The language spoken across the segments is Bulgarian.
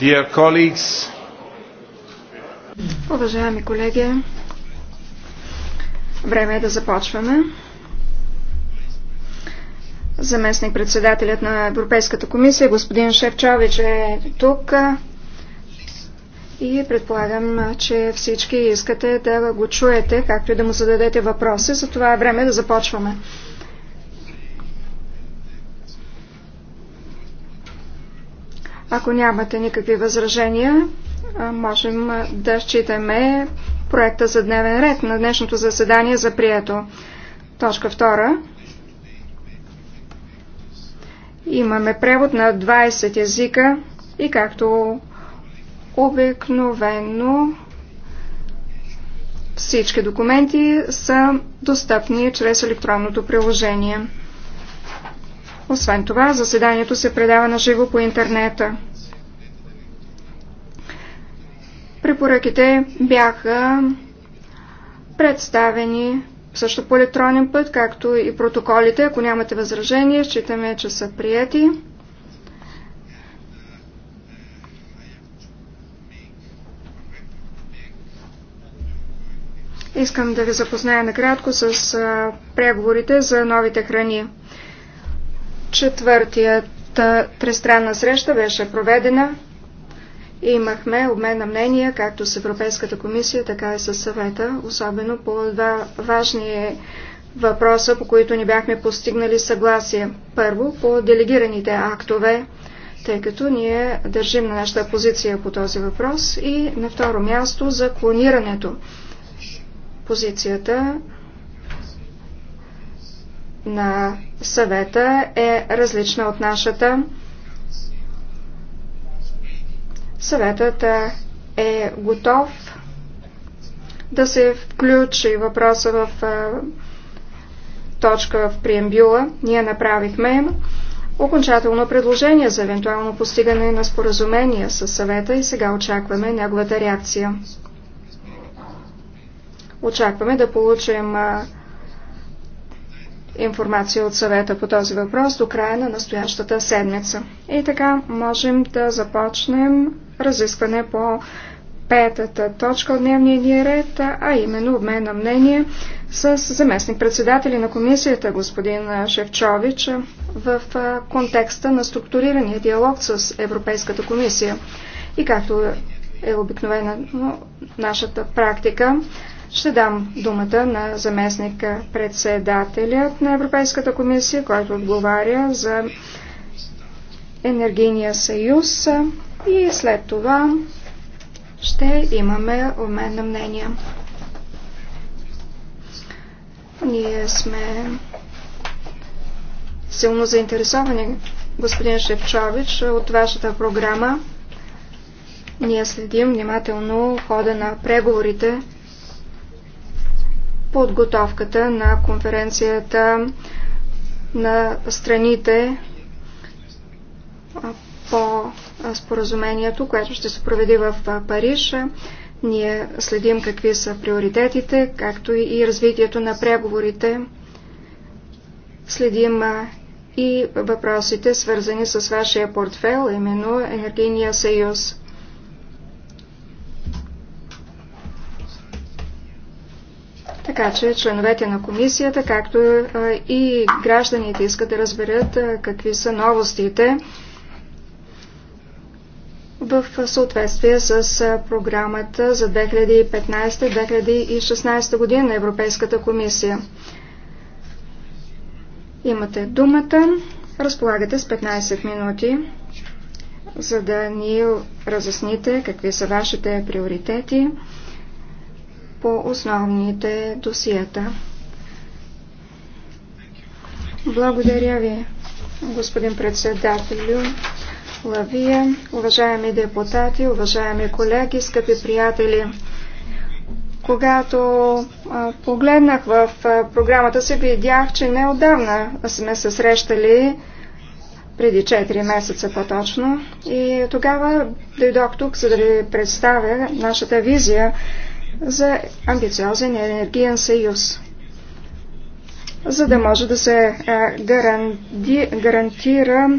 Dear colleagues, Уважаеми колеги, време е да започваме. Заместник председателят на Европейската комисия, господин Шевчович е тук и предполагам, че всички искате да го чуете, както и да му зададете въпроси, за това е време да започваме. Ако нямате никакви възражения, можем да считаме проекта за дневен ред на днешното заседание за прието. Точка втора, Имаме превод на 20 езика и както обикновено всички документи са достъпни чрез електронното приложение. Освен това, заседанието се предава на живо по интернета. Препоръките бяха представени също по електронен път, както и протоколите. Ако нямате възражения, считаме, че са прияти. Искам да ви запозная накратко с преговорите за новите храни. Четвъртият тристранна среща беше проведена. и Имахме обмен на мнения както с Европейската комисия, така и с съвета, особено по два важни въпроса, по които ни бяхме постигнали съгласие. Първо, по делегираните актове, тъй като ние държим на нашата позиция по този въпрос. И на второ място, за клонирането. Позицията на съвета е различна от нашата. Съветът е готов да се включи въпроса в точка в преембюла. Ние направихме окончателно предложение за евентуално постигане на споразумение с съвета и сега очакваме неговата реакция. Очакваме да получим информация от съвета по този въпрос до края на настоящата седмица. И така можем да започнем разискване по петата точка от дневния ни ред, а именно обмен на мнение с заместник председатели на комисията господин Шевчович в контекста на структурирания диалог с Европейската комисия. И както е обикновена нашата практика, ще дам думата на заместника председателят на Европейската комисия, който отговаря за енергийния съюз и след това ще имаме обмен на мнения. Ние сме силно заинтересовани, господин Шевчович, от вашата програма. Ние следим внимателно хода на преговорите подготовката на конференцията на страните по споразумението, което ще се проведе в Париж. Ние следим какви са приоритетите, както и развитието на преговорите. Следим и въпросите, свързани с вашия портфел, именно Енергийния съюз. Така че членовете на комисията, както и гражданите искат да разберат какви са новостите в съответствие с програмата за 2015-2016 година на Европейската комисия. Имате думата, разполагате с 15 минути, за да ни разясните какви са вашите приоритети по основните досиета. Благодаря ви, господин председателю Лавия, уважаеми депутати, уважаеми колеги, скъпи приятели. Когато погледнах в програмата си, видях, че неодавна сме се срещали преди 4 месеца по-точно. И тогава дойдох тук, за да ви представя нашата визия за амбициозен енергиен съюз, за да може да се гаранти, гарантира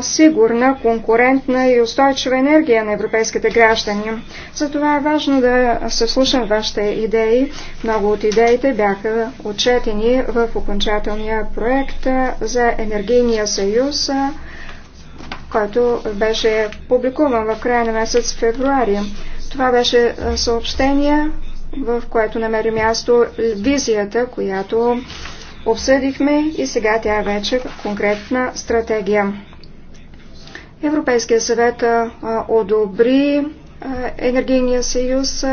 сигурна, конкурентна и устойчива енергия на европейските граждани. Затова е важно да се слушам вашите идеи. Много от идеите бяха отчетени в окончателния проект за енергийния съюз, който беше публикуван в края на месец февруари. Това беше съобщение, в което намери място визията, която обсъдихме и сега тя е вече конкретна стратегия. Европейския съвет одобри енергийния съюз,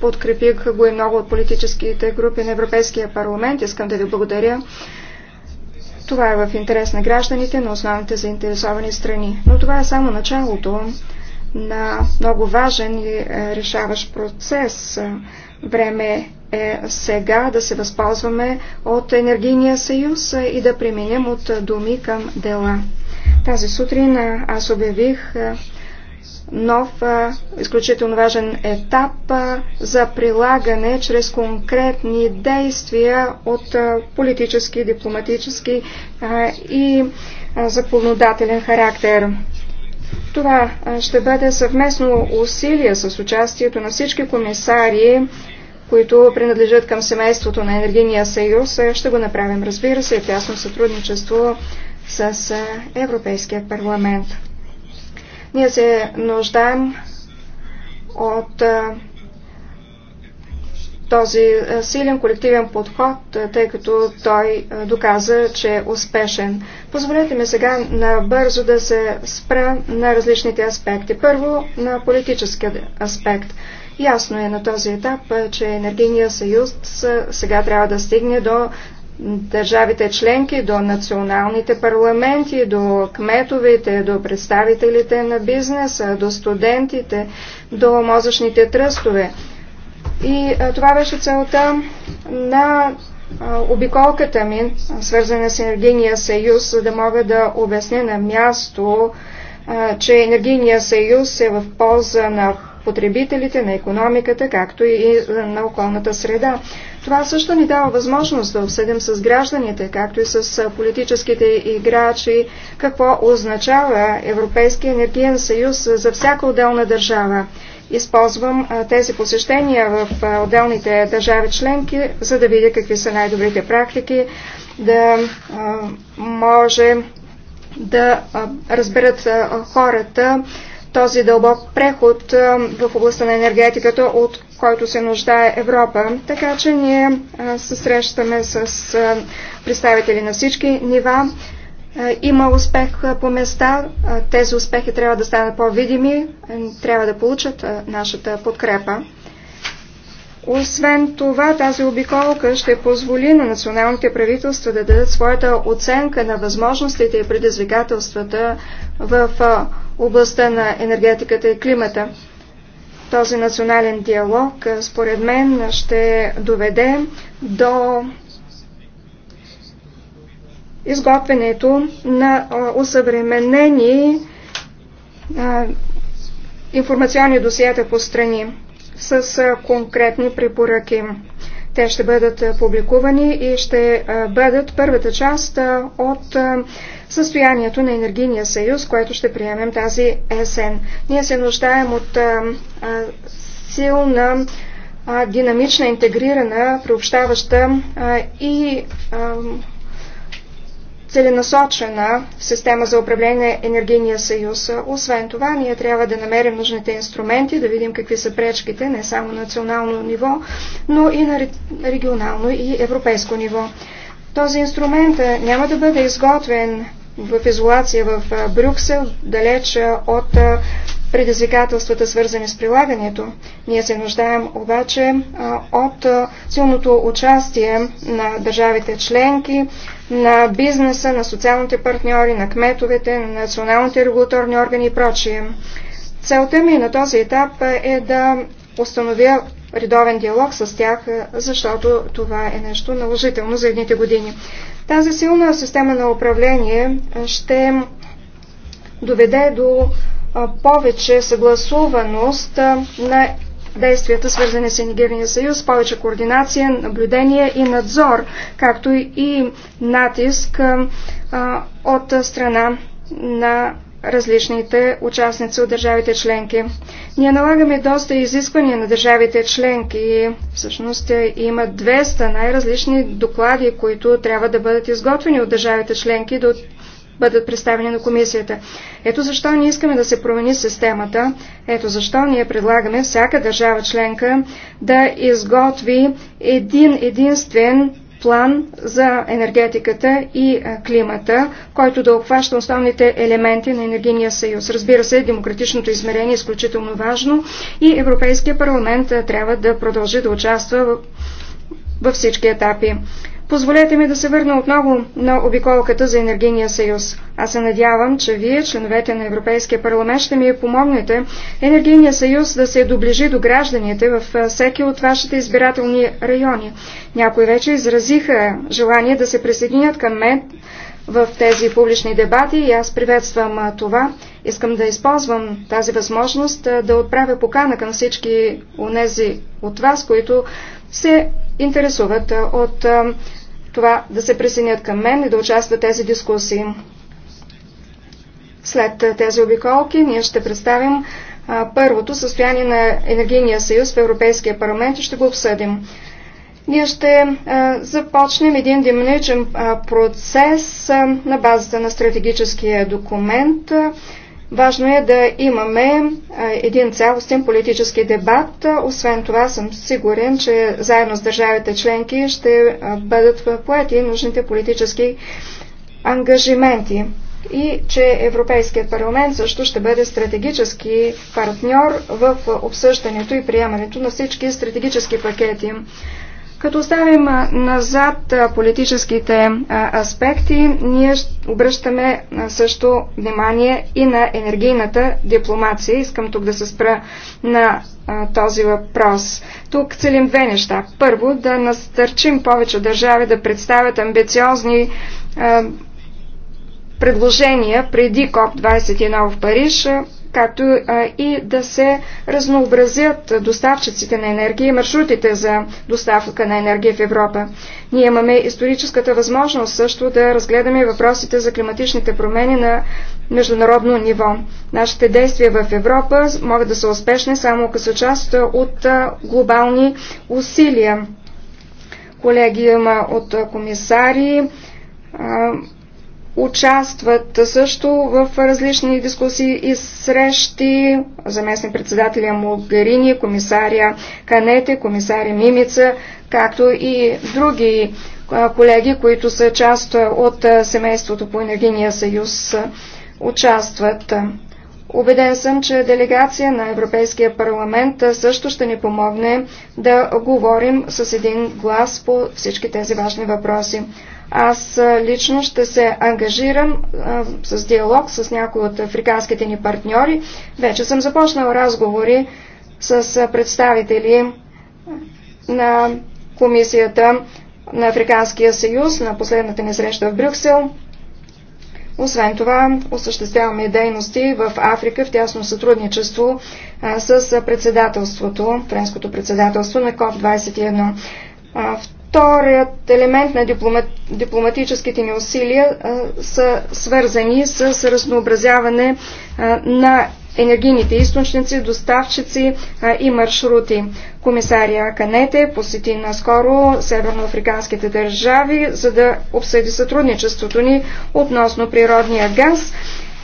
подкрепих го и много от политическите групи на Европейския парламент. Искам да ви благодаря. Това е в интерес на гражданите, на основните заинтересовани страни. Но това е само началото на много важен и е, решаващ процес. Време е сега да се възползваме от енергийния съюз и да преминем от думи към дела. Тази сутрин е, аз обявих е, нов, изключително важен етап за прилагане чрез конкретни действия от политически, дипломатически и законодателен характер. Това ще бъде съвместно усилие с участието на всички комисари, които принадлежат към семейството на Енергийния съюз. Ще го направим, разбира се, в ясно сътрудничество с Европейския парламент. Ние се нуждаем от този е, силен колективен подход, е, тъй като той е, доказа, че е успешен. Позволете ми сега набързо да се спра на различните аспекти. Първо на политическия аспект. Ясно е на този етап, че енергийния съюз сега трябва да стигне до държавите членки, до националните парламенти, до кметовете, до представителите на бизнеса, до студентите, до мозъчните тръстове. И а, това беше целта на а, обиколката ми, свързана с Енергийния съюз, за да мога да обясня на място, а, че Енергийния съюз е в полза на потребителите, на економиката, както и на околната среда. Това също ни дава възможност да обсъдим с гражданите, както и с политическите играчи, какво означава Европейския енергиен съюз за всяка отделна държава използвам тези посещения в отделните държави членки, за да видя какви са най-добрите практики, да може да разберат хората този дълбок преход в областта на енергетиката, от който се нуждае Европа. Така че ние се срещаме с представители на всички нива. Е, има успех е, по места. Е, тези успехи трябва да станат по-видими, трябва да получат нашата подкрепа. Освен това, тази обиколка ще позволи на националните правителства да дадат своята оценка на възможностите и предизвикателствата в областта на енергетиката и климата. Този национален диалог, според мен, ще доведе до изготвянето на усъвременени информационни досиета по страни с конкретни препоръки. Те ще бъдат публикувани и ще бъдат първата част от състоянието на Енергийния съюз, което ще приемем тази есен. Ние се нуждаем от силна, динамична, интегрирана, приобщаваща и целенасочена система за управление на енергийния съюз. Освен това, ние трябва да намерим нужните инструменти, да видим какви са пречките, не само на национално ниво, но и на регионално и европейско ниво. Този инструмент е, няма да бъде изготвен в изолация в е, Брюксел, далеч е, от предизвикателствата, свързани с прилагането. Ние се нуждаем обаче от силното участие на държавите членки, на бизнеса, на социалните партньори, на кметовете, на националните регулаторни органи и прочие. Целта ми на този етап е да установя редовен диалог с тях, защото това е нещо наложително за едните години. Тази силна система на управление ще доведе до повече съгласуваност на действията, свързани с Енергийния съюз, повече координация, наблюдение и надзор, както и натиск от страна на различните участници от държавите членки. Ние налагаме доста изисквания на държавите членки. Всъщност е, има 200 най-различни доклади, които трябва да бъдат изготвени от държавите членки до бъдат представени на комисията. Ето защо ние искаме да се промени системата. Ето защо ние предлагаме всяка държава членка да изготви един единствен план за енергетиката и климата, който да обхваща основните елементи на енергийния съюз. Разбира се, демократичното измерение е изключително важно и Европейския парламент трябва да продължи да участва във всички етапи. Позволете ми да се върна отново на обиколката за енергийния съюз. Аз се надявам, че вие, членовете на Европейския парламент, ще ми помогнете енергийния съюз да се доближи до гражданите във всеки от вашите избирателни райони. Някои вече изразиха желание да се присъединят към мен в тези публични дебати и аз приветствам това. Искам да използвам тази възможност да отправя покана към всички онези от вас, които се интересуват от това да се присъединят към мен и да участват тези дискусии. След тези обиколки ние ще представим а, първото състояние на Енергийния съюз в Европейския парламент и ще го обсъдим. Ние ще а, започнем един динамичен процес а, на базата на стратегическия документ. А, Важно е да имаме един цялостен политически дебат. Освен това съм сигурен, че заедно с държавите членки ще бъдат поети нужните политически ангажименти и че Европейският парламент също ще бъде стратегически партньор в обсъждането и приемането на всички стратегически пакети. Като оставим назад политическите аспекти, ние обръщаме също внимание и на енергийната дипломация. Искам тук да се спра на този въпрос. Тук целим две неща. Първо, да настърчим повече държави да представят амбициозни предложения преди КОП-21 в Париж както и да се разнообразят доставчиците на енергия и маршрутите за доставка на енергия в Европа. Ние имаме историческата възможност също да разгледаме въпросите за климатичните промени на международно ниво. Нашите действия в Европа могат да са успешни само ако са част от глобални усилия. колеги има от комисари, участват също в различни дискусии и срещи. заместни председателя Могарини, комисаря Канете, комисаря Мимица, както и други колеги, които са част от семейството по енергийния съюз, участват. Обеден съм, че делегация на Европейския парламент също ще ни помогне да говорим с един глас по всички тези важни въпроси. Аз лично ще се ангажирам а, с диалог с някои от африканските ни партньори. Вече съм започнал разговори с представители на Комисията на Африканския съюз на последната ни среща в Брюксел. Освен това, осъществяваме дейности в Африка в тясно сътрудничество а, с председателството, френското председателство на КОП-21. Вторият елемент на дипломатическите ни усилия са свързани с разнообразяване на енергийните източници, доставчици и маршрути. Комисария Канете посети наскоро северноафриканските държави, за да обсъди сътрудничеството ни относно природния газ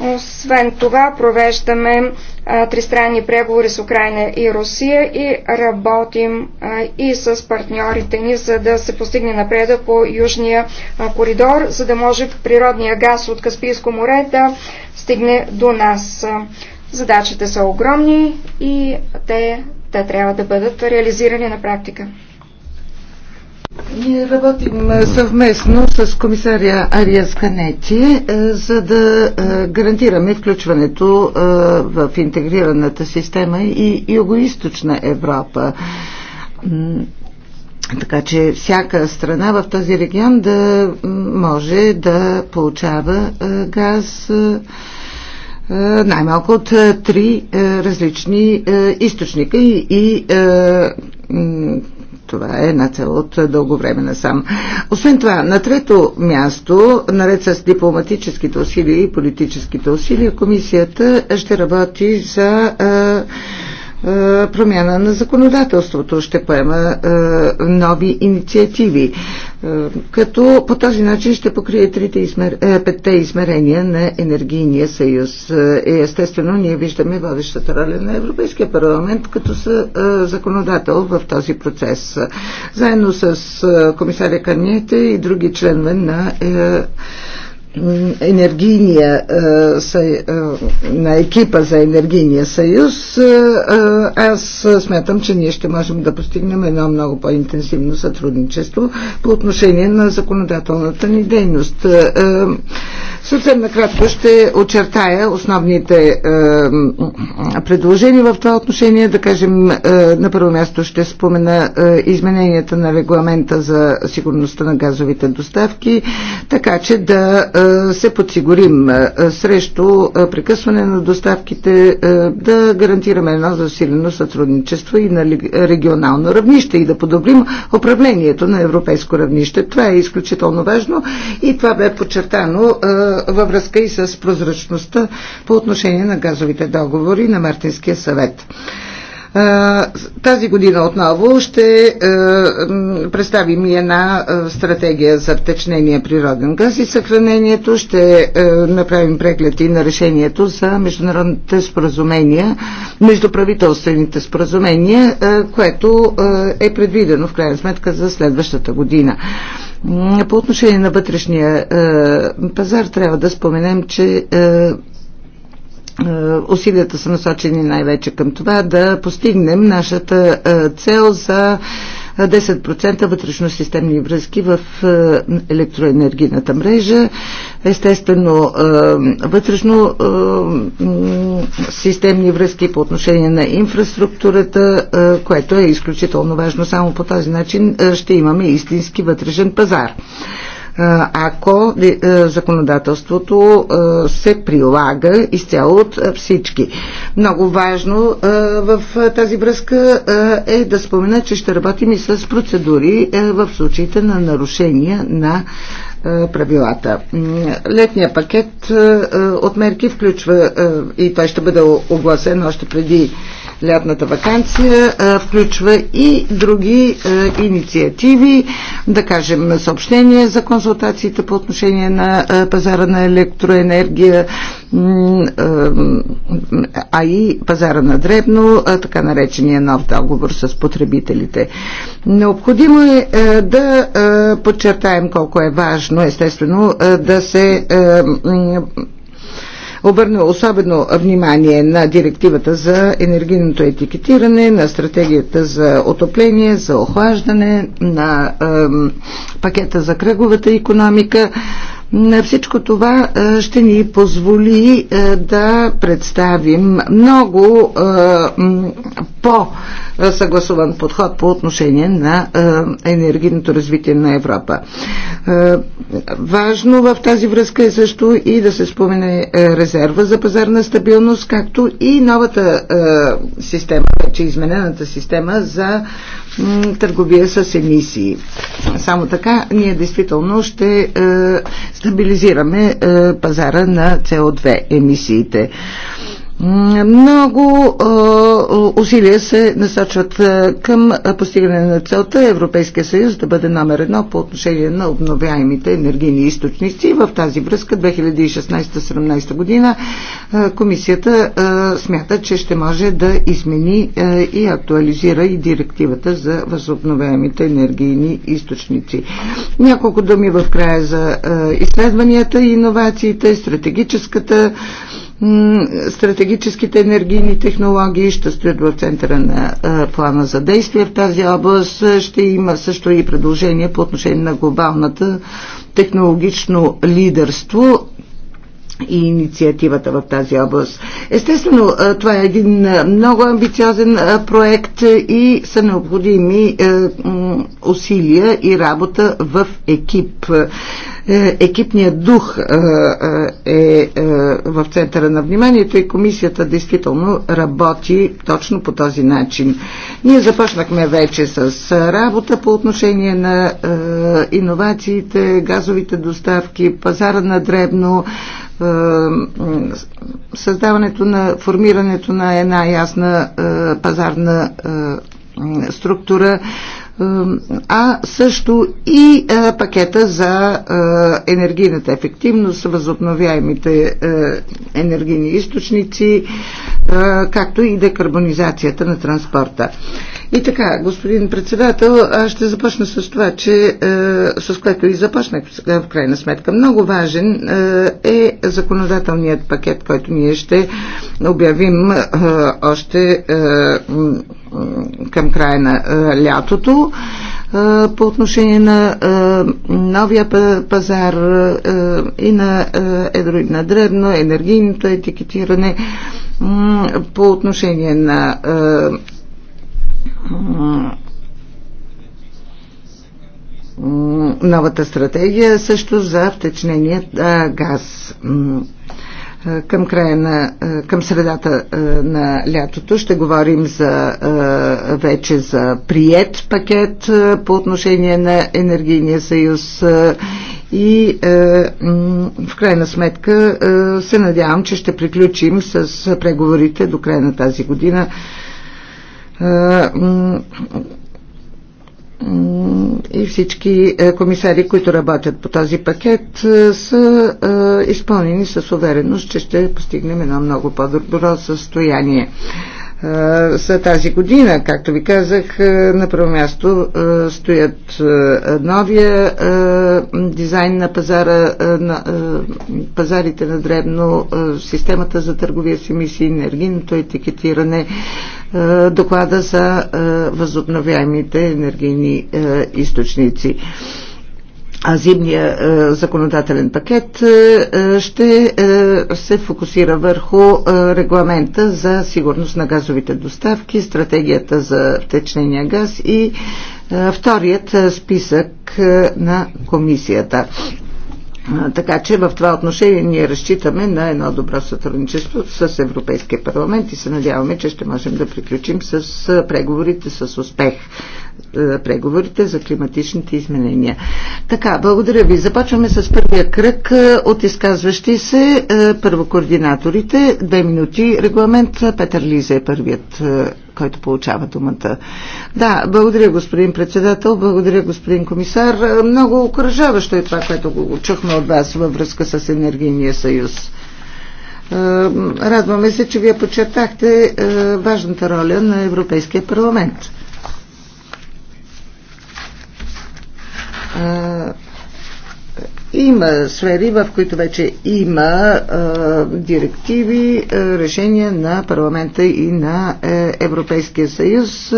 освен това, провеждаме а, тристранни преговори с Украина и Русия и работим а, и с партньорите ни, за да се постигне напредък по Южния а, коридор, за да може природния газ от Каспийско море да стигне до нас. Задачите са огромни и те, те трябва да бъдат реализирани на практика. Ние работим съвместно с комисаря Ариас Канети, е, за да е, гарантираме включването е, в интегрираната система и Юго-Источна Европа така че всяка страна в този регион да може да получава газ най-малко от три различни източника и, и това е една цел от дълго време насам. Освен това, на трето място, наред с дипломатическите усилия и политическите усилия, комисията ще работи за е, промяна на законодателството, ще поема е, нови инициативи, е, като по този начин ще покрие трите измер... петте измерения на енергийния съюз. Естествено, ние виждаме водещата роля на Европейския парламент като са законодател в този процес. Заедно с комисаря Карниете и други членове на енергийния е, е, на екипа за енергийния съюз, е, аз смятам, че ние ще можем да постигнем едно много по-интенсивно сътрудничество по отношение на законодателната ни дейност. Съвсем накратко ще очертая основните е, предложения в това отношение. Да кажем, е, на първо място ще спомена е, измененията на регламента за сигурността на газовите доставки, така че да е, се подсигурим е, срещу е, прекъсване на доставките, е, да гарантираме едно засилено сътрудничество и на регионално равнище и да подобрим управлението на европейско равнище. Това е изключително важно и това бе подчертано. Е, във връзка и с прозрачността по отношение на газовите договори на Мартинския съвет. Тази година отново ще представим и една стратегия за втечнение природен газ и съхранението. Ще направим преглед и на решението за международните споразумения, междуправителствените споразумения, което е предвидено в крайна сметка за следващата година. По отношение на вътрешния е, пазар трябва да споменем, че е, е, усилията са насочени най-вече към това да постигнем нашата цел за 10% вътрешно-системни връзки в е, електроенергийната мрежа. Естествено, е, вътрешно-системни е, връзки по отношение на инфраструктурата, което е изключително важно. Само по този начин ще имаме истински вътрешен пазар ако е, законодателството е, се прилага изцяло от е, всички. Много важно в тази връзка е да спомена, че ще работим и с процедури в случаите на нарушения на правилата. Летният пакет от мерки включва и той ще бъде огласен още преди лятната вакансия включва и други инициативи, да кажем съобщения за консултациите по отношение на пазара на електроенергия, а и пазара на дребно, така наречения нов договор с потребителите. Необходимо е да подчертаем колко е важно, естествено, да се Обърна особено внимание на директивата за енергийното етикетиране, на стратегията за отопление, за охлаждане, на е, пакета за кръговата економика. На всичко това е, ще ни позволи е, да представим много е, по-съгласуван подход по отношение на енергийното развитие на Европа. Важно в тази връзка е също и да се спомене резерва за пазарна стабилност, както и новата система, вече изменената система за търговия с емисии. Само така ние действително ще е, стабилизираме е, пазара на CO2 емисиите. Много усилия се насочват към постигане на целта Европейския съюз да бъде номер едно по отношение на обновяемите енергийни източници. В тази връзка 2016-17 година комисията смята, че ще може да измени и актуализира и директивата за възобновяемите енергийни източници. Няколко думи в края за изследванията и иновациите, стратегическата стратегическите енергийни технологии ще стоят в центъра на плана за действие в тази област. Ще има също и предложение по отношение на глобалната технологично лидерство и инициативата в тази област. Естествено, това е един много амбициозен проект и са необходими усилия и работа в екип. Екипният дух е в центъра на вниманието и комисията действително работи точно по този начин. Ние започнахме вече с работа по отношение на иновациите, газовите доставки, пазара на дребно, е, създаването на формирането на една ясна е, пазарна е, структура, а също и е, пакета за е, енергийната ефективност, възобновяемите е, енергийни източници, както и декарбонизацията на транспорта. И така, господин председател, аз ще започна с това, че с което и започнах в крайна сметка. Много важен е законодателният пакет, който ние ще обявим още към края на лятото по отношение на новия пазар и на едро и на дребно, енергийното етикетиране, по отношение на новата стратегия също за втечнения газ. Е, към края на, е, към средата е, на лятото ще говорим за, вече за прият пакет по отношение на енергийния съюз и в крайна сметка се надявам, че ще приключим с преговорите до края на тази година и всички е, комисари, които работят по този пакет, е, са е, изпълнени с увереност, че ще постигнем едно много по-добро състояние. Е, за тази година. Както ви казах, е, на първо място е, стоят новия дизайн на пазара, на пазарите на дребно, системата за търговия с емисии, енергийното етикетиране, доклада за възобновяемите енергийни източници зимния е, законодателен пакет е, е, ще се фокусира върху регламента за сигурност на газовите доставки, стратегията за течнения газ и вторият списък на комисията. Така че в това отношение ние разчитаме на едно добро сътрудничество с Европейския парламент и се надяваме, че ще можем да приключим с преговорите с успех. Е, преговорите за климатичните изменения. Така, благодаря ви. Започваме с първия кръг е, от изказващи се. Е, първо координаторите, две минути регламент. Петър Лиза е първият, който получава думата. Да, благодаря господин председател, благодаря господин комисар. Много окоръжаващо е това, което го чухме от вас във връзка с Енергийния съюз. Радваме се, че вие подчертахте важната роля на Европейския парламент има сфери, в които вече има а, директиви, а, решения на парламента и на е, Европейския съюз.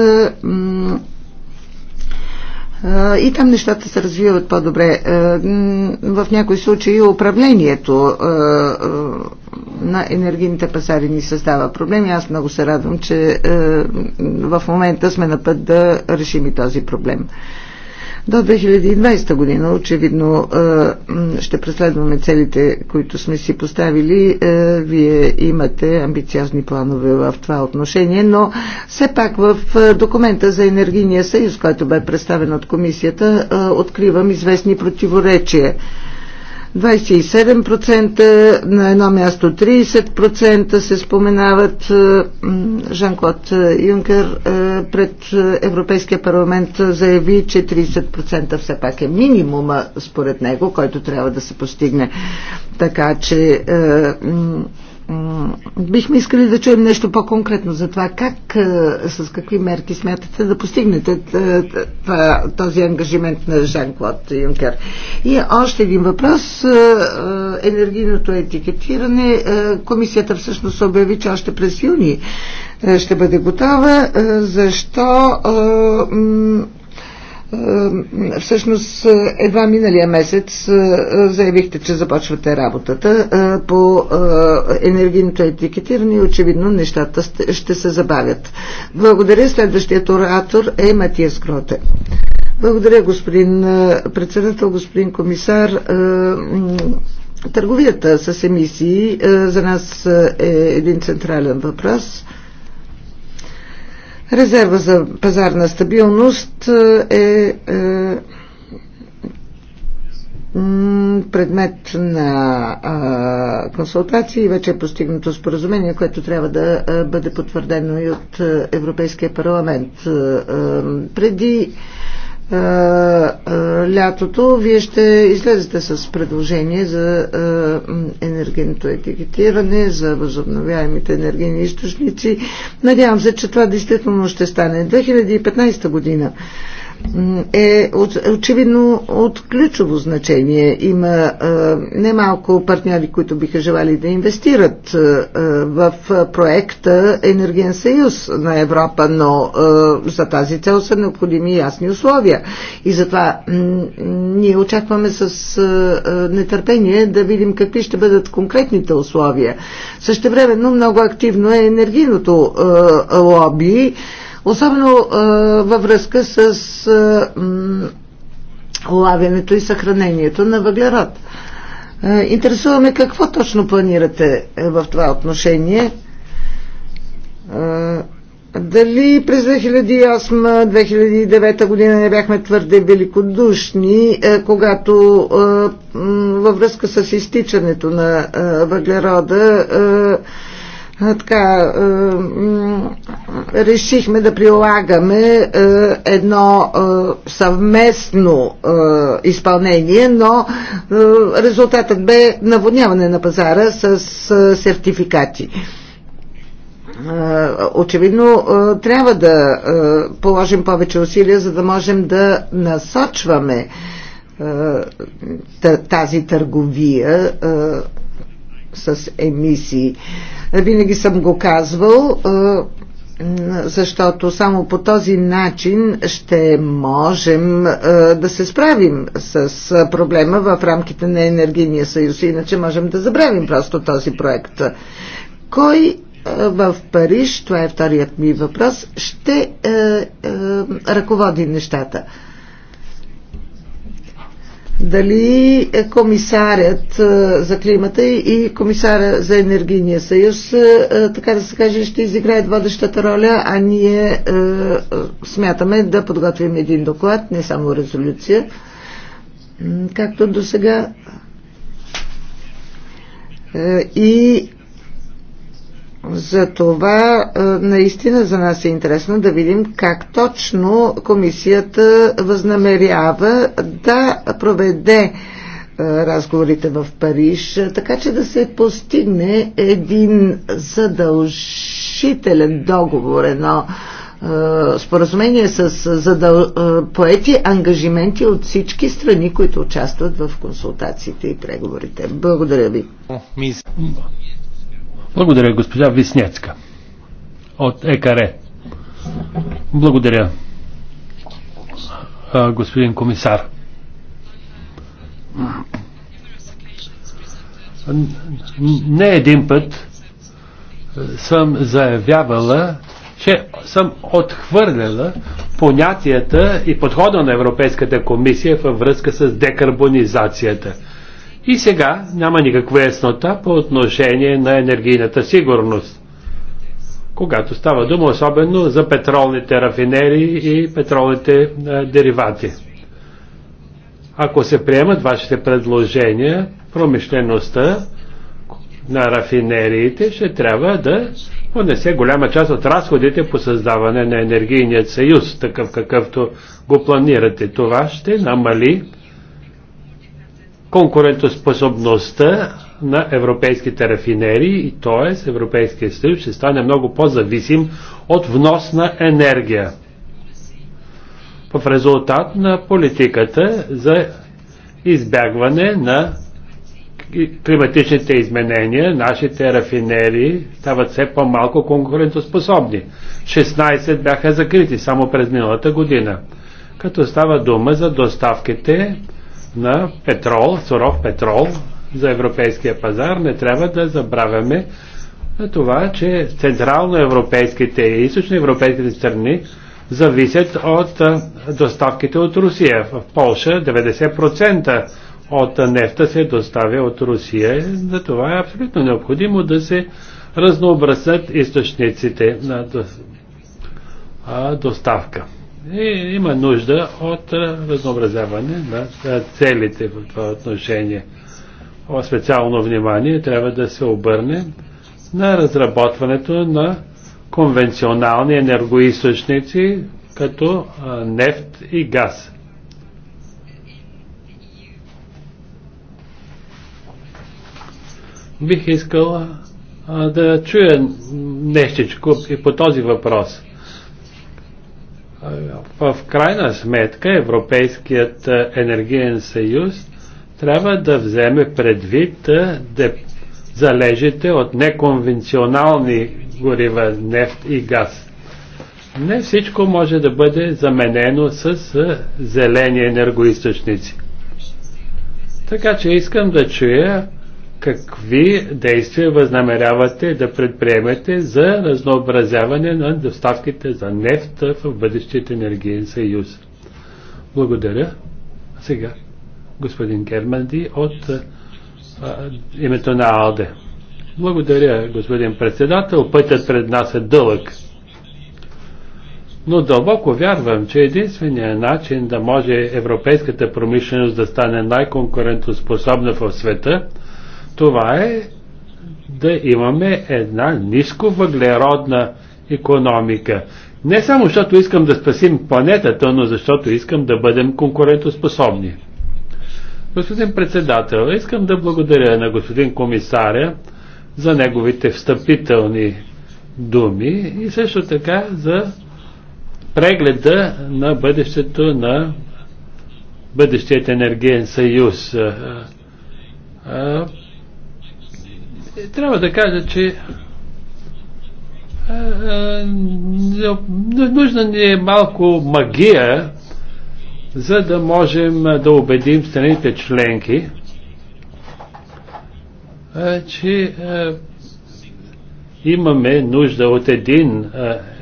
и там нещата се развиват по-добре. В някои случаи управлението на енергийните пазари ни създава проблеми. Аз много се радвам, че в момента сме на път да решим и този проблем до 2020 година. Очевидно е, ще преследваме целите, които сме си поставили. Е, вие имате амбициозни планове в това отношение, но все пак в е, документа за енергийния съюз, който бе представен от комисията, откривам известни противоречия. 27%, на едно място 30% се споменават е, Жан-Клод е, Юнкер е, пред Европейския парламент заяви, че 30% все пак е минимума според него, който трябва да се постигне. Така че Бихме искали да чуем нещо по-конкретно за това как, е, с какви мерки смятате да постигнете е, това, този ангажимент на Жан-Клод Юнкер. И още един въпрос. Е, енергийното етикетиране. Комисията всъщност обяви, че още през юни ще бъде готова. Защо е, всъщност, е, едва миналия месец е, заявихте, че започвате работата по енергийното етикетиране и очевидно нещата ще се забавят. Благодаря. Следващият оратор е Матия Скроте. Благодаря, господин председател, господин комисар. Търговията с емисии за нас е един централен въпрос. Резерва за пазарна стабилност е, е предмет на консултации и вече е постигнато споразумение, което трябва да бъде потвърдено и от Европейския парламент. преди е, е, лятото вие ще излезете с предложение за е, енергийното етикетиране, за възобновяемите енергийни източници. Надявам се, че това действително ще стане 2015 година е очевидно от ключово значение. Има е, немалко партньори, които биха желали да инвестират е, в проекта Енергиен съюз на Европа, но е, за тази цел са необходими ясни условия. И затова ние очакваме с е, нетърпение да видим какви ще бъдат конкретните условия. Същевременно много активно е енергийното е, лоби особено е, във връзка с е, лавянето и съхранението на въглерод. Е, интересуваме какво точно планирате в това отношение. Дали през 2008-2009 година не бяхме твърде великодушни, когато във връзка с изтичането на въглерода така, е, решихме да прилагаме е, едно е, съвместно е, изпълнение, но е, резултатът бе наводняване на пазара с е, сертификати. Е, очевидно е, трябва да е, положим повече усилия, за да можем да насочваме тази търговия с емисии. Винаги съм го казвал, защото само по този начин ще можем да се справим с проблема в рамките на Енергийния съюз. Иначе можем да забравим просто този проект. Кой в Париж, това е вторият ми въпрос, ще е, е, ръководи нещата? дали е комисарят е, за климата и комисаря за енергийния съюз, е, така да се каже, ще изиграят водещата роля, а ние смятаме да подготвим един доклад, не само резолюция, както до сега. И за това, е, наистина за нас е интересно да видим как точно комисията възнамерява да проведе е, разговорите в Париж, така че да се постигне един задължителен договор, едно е, споразумение с задъл... поети ангажименти от всички страни, които участват в консултациите и преговорите. Благодаря ви. Благодаря, госпожа Виснецка от ЕКАРЕ. Благодаря, господин комисар. Не един път съм заявявала, че съм отхвърляла понятията и подхода на Европейската комисия във връзка с декарбонизацията. И сега няма никаква яснота по отношение на енергийната сигурност. Когато става дума особено за петролните рафинери и петролните е, деривати. Ако се приемат вашите предложения, промишлеността на рафинериите ще трябва да понесе голяма част от разходите по създаване на енергийният съюз, такъв какъвто го планирате. Това ще намали конкурентоспособността на европейските рафинери и т.е. Европейския съюз ще стане много по-зависим от внос на енергия. В резултат на политиката за избягване на климатичните изменения, нашите рафинери стават все по-малко конкурентоспособни. 16 бяха закрити само през миналата година. Като става дума за доставките на петрол, суров петрол за европейския пазар, не трябва да забравяме на това, че централноевропейските и източноевропейските страни зависят от доставките от Русия. В Польша 90% от нефта се доставя от Русия. За това е абсолютно необходимо да се разнообразят източниците на доставка. И е, има нужда от разнообразяване на целите в това отношение. О, специално внимание трябва да се обърне на разработването на конвенционални енергоисточници, като нефт и газ. Бих искала да чуя нещичко и по този въпрос. В крайна сметка Европейският е, енергиен съюз трябва да вземе предвид е, да залежите от неконвенционални горива нефт и газ. Не всичко може да бъде заменено с е, зелени енергоисточници. Така че искам да чуя какви действия възнамерявате да предприемете за разнообразяване на доставките за нефт в бъдещите енергиен съюз? Благодаря. Сега господин Керманди от а, името на АЛДЕ. Благодаря, господин председател. Пътят пред нас е дълъг. Но дълбоко вярвам, че единственият начин да може европейската промишленост да стане най-конкурентоспособна в света това е да имаме една ниско въглеродна економика. Не само защото искам да спасим планетата, но защото искам да бъдем конкурентоспособни. Господин председател, искам да благодаря на господин комисаря за неговите встъпителни думи и също така за прегледа на бъдещето на бъдещият енергиен съюз трябва да кажа, че нужна ни е малко магия, за да можем да убедим страните членки, че имаме нужда от един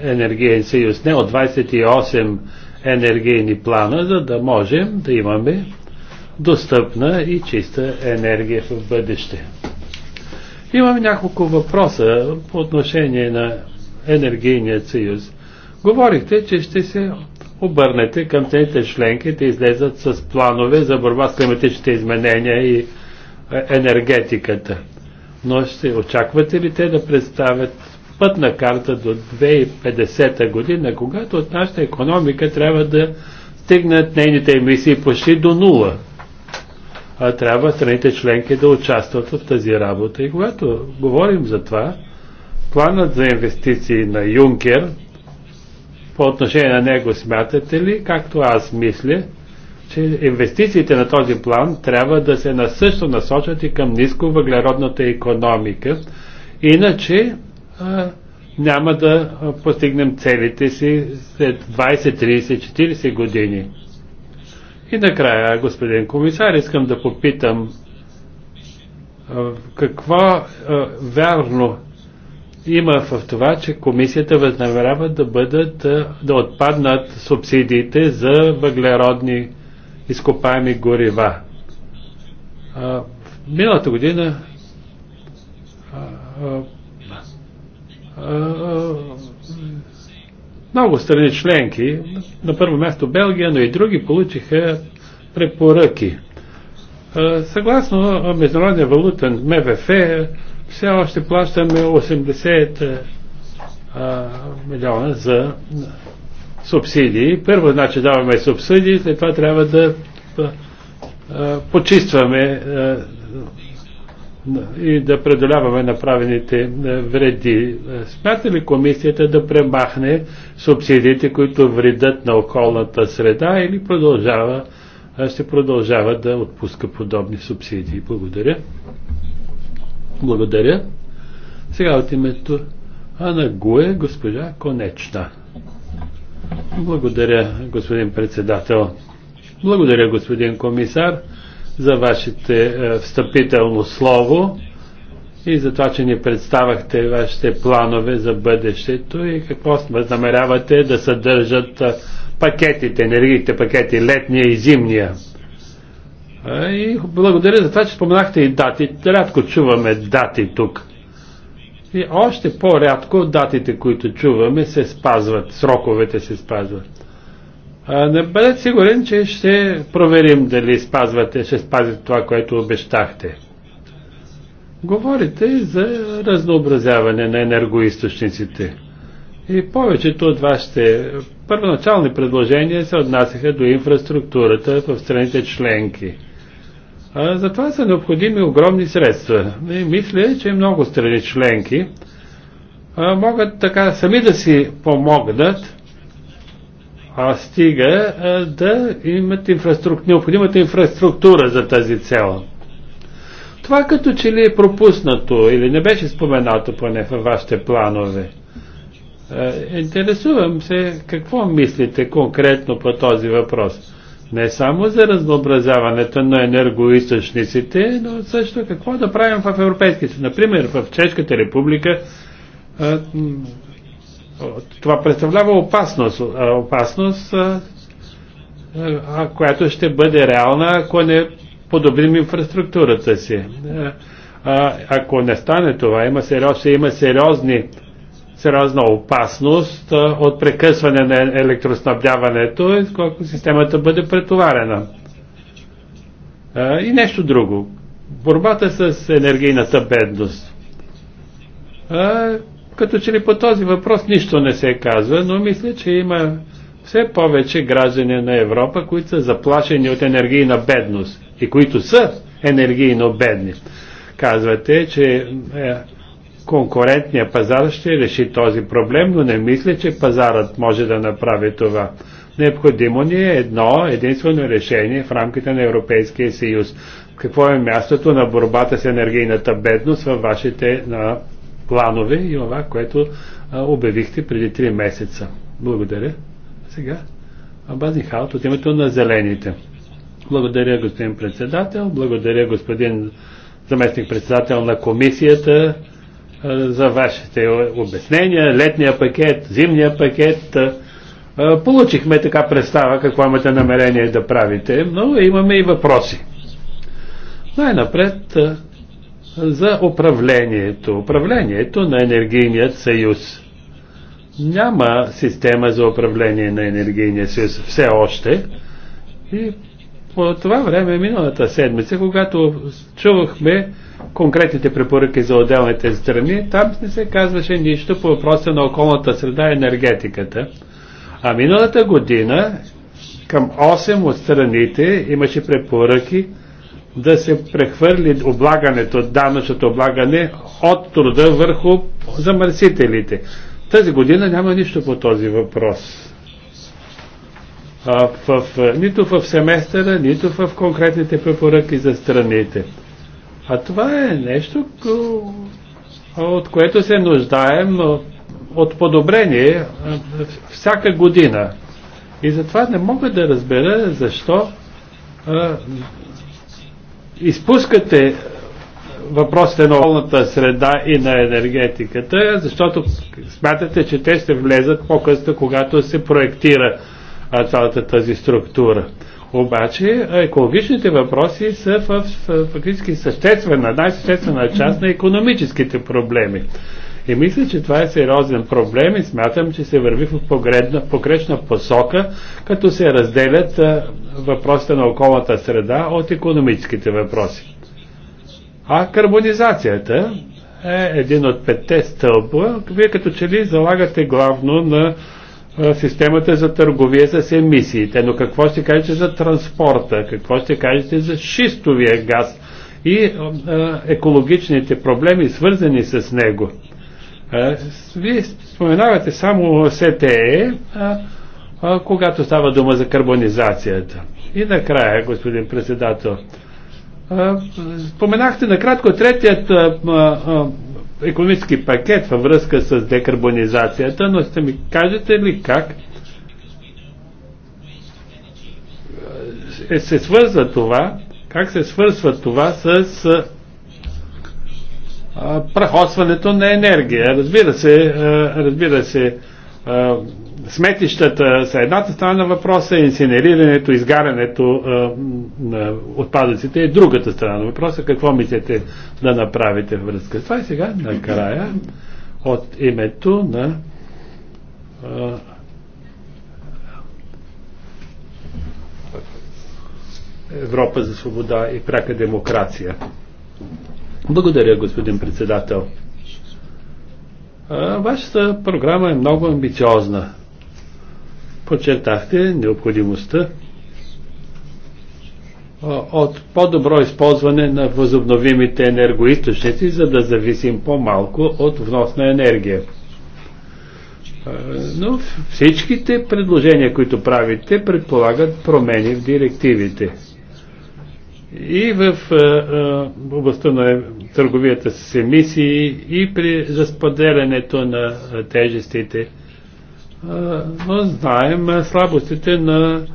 енергиен съюз, не от 28 енергийни плана, за да можем да имаме достъпна и чиста енергия в бъдеще. Имам няколко въпроса по отношение на енергийния съюз. Говорихте, че ще се обърнете към тези членки да излезат с планове за борба с климатичните изменения и е, енергетиката. Но ще очаквате ли те да представят пътна карта до 2050 година, когато от нашата економика трябва да стигнат нейните емисии почти до нула? а, трябва страните членки да участват в тази работа. И когато говорим за това, планът за инвестиции на Юнкер, по отношение на него смятате ли, както аз мисля, че инвестициите на този план трябва да се насъщо насочат и към ниско въглеродната економика, иначе а, няма да постигнем целите си след 20, 30, 40 години. И накрая, господин комисар, искам да попитам какво вярно има в това, че комисията възнамерява да бъдат, да отпаднат субсидиите за въглеродни изкопаеми горива. Миналата година много страни членки, на първо място Белгия, но и други получиха препоръки. Съгласно Международния валутен МВФ, все още плащаме 80 милиона за субсидии. Първо, значи, даваме субсидии, след това трябва да почистваме и да преодоляваме направените е, вреди. Е, смята ли комисията да премахне субсидиите, които вредят на околната среда или продължава, е, ще продължава да отпуска подобни субсидии? Благодаря. Благодаря. Сега от името Ана Гуе, госпожа Конечна. Благодаря, господин председател. Благодаря, господин комисар за вашите е, встъпително слово и за това, че ни представахте вашите планове за бъдещето и какво намерявате да съдържат е, пакетите, енергийните пакети, летния и зимния. И благодаря за това, че споменахте и дати. Рядко чуваме дати тук. И още по-рядко датите, които чуваме, се спазват, сроковете се спазват не бъдете сигурен, че ще проверим дали спазвате, ще спазите това, което обещахте. Говорите за разнообразяване на енергоисточниците. И повечето от вашите първоначални предложения се отнасяха до инфраструктурата в страните членки. А за това са необходими огромни средства. И мисля, че много страни членки а, могат така сами да си помогнат а стига да имат инфраструк... необходимата инфраструктура за тази цел. Това като че ли е пропуснато или не беше споменато поне във вашите планове. интересувам се какво мислите конкретно по този въпрос. Не само за разнообразяването на енергоисточниците, но също какво да правим в европейските. Например, в Чешката република това представлява опасност, опасност която ще бъде реална, ако не подобрим инфраструктурата си. Ако не стане това, има сериоз, ще има сериозни, сериозна опасност от прекъсване на електроснабдяването, колко системата бъде претоварена. И нещо друго. Борбата с енергийната бедност като че ли по този въпрос нищо не се казва, но мисля, че има все повече граждани на Европа, които са заплашени от енергийна бедност и които са енергийно бедни. Казвате, че е, конкурентният пазар ще реши този проблем, но не мисля, че пазарът може да направи това. Необходимо ни е едно единствено решение в рамките на Европейския съюз. Какво е мястото на борбата с енергийната бедност във вашите на планове и това, което а, обявихте преди 3 месеца. Благодаря. Сега Базинхаут от името на зелените. Благодаря, господин председател. Благодаря, господин заместник председател на комисията а, за вашите обяснения. Летния пакет, зимния пакет. А, получихме така представа какво имате намерение да правите, но имаме и въпроси. Най-напред за управлението. Управлението на енергийният съюз. Няма система за управление на енергийния съюз все още. И по това време, миналата седмица, когато чувахме конкретните препоръки за отделните страни, там не се казваше нищо по въпроса на околната среда и енергетиката. А миналата година към 8 от страните имаше препоръки да се прехвърли облагането, данъчното облагане от труда върху замърсителите. Тази година няма нищо по този въпрос. А, в, нито в семестъра, нито в конкретните препоръки за страните. А това е нещо, от което се нуждаем от подобрение всяка година. И затова не мога да разбера защо изпускате въпросите на околната среда и на енергетиката, защото смятате, че те ще влезат по-късно, когато се проектира цялата тази структура. Обаче екологичните въпроси са в, фактически съществена, най-съществена част на економическите проблеми. И мисля, че това е сериозен проблем и смятам, че се върви в погрешна посока, като се разделят въпросите на околната среда от економическите въпроси. А карбонизацията е един от петте стълба. Вие като че ли залагате главно на системата за търговия с емисиите. Но какво ще кажете за транспорта? Какво ще кажете за шистовия газ и а, екологичните проблеми, свързани с него? Вие споменавате само СТЕ, когато става дума за карбонизацията. И накрая, господин председател, споменахте накратко третият економически пакет във връзка с декарбонизацията, но ще ми кажете ли как е, се свързва това, как се свързва това с прахосването на енергия. Разбира се, разбира се, сметищата са едната страна на въпроса, инсинерирането, изгарянето на отпадъците е другата страна на въпроса. Какво мислите да направите връзка това? И сега, накрая, от името на Европа за свобода и пряка демокрация. Благодаря, господин председател. Вашата програма е много амбициозна. Подчертахте необходимостта от по-добро използване на възобновимите енергоисточници, за да зависим по-малко от вносна енергия. Но всичките предложения, които правите, предполагат промени в директивите и в областта на търговията с емисии и при разпределянето на тежестите. Но знаем слабостите на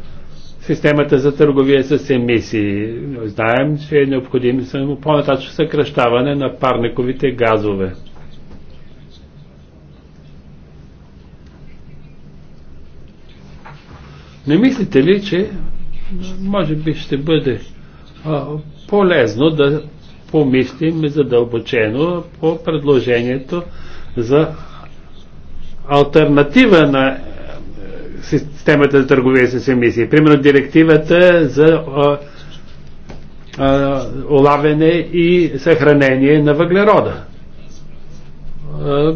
системата за търговия с емисии. Знаем, че е необходимо по-нататъчно съкръщаване на парниковите газове. Не мислите ли, че може би ще бъде полезно да помислим задълбочено по предложението за альтернатива на е, системата за търговия с емисии. Примерно директивата за а, улавяне и съхранение на въглерода.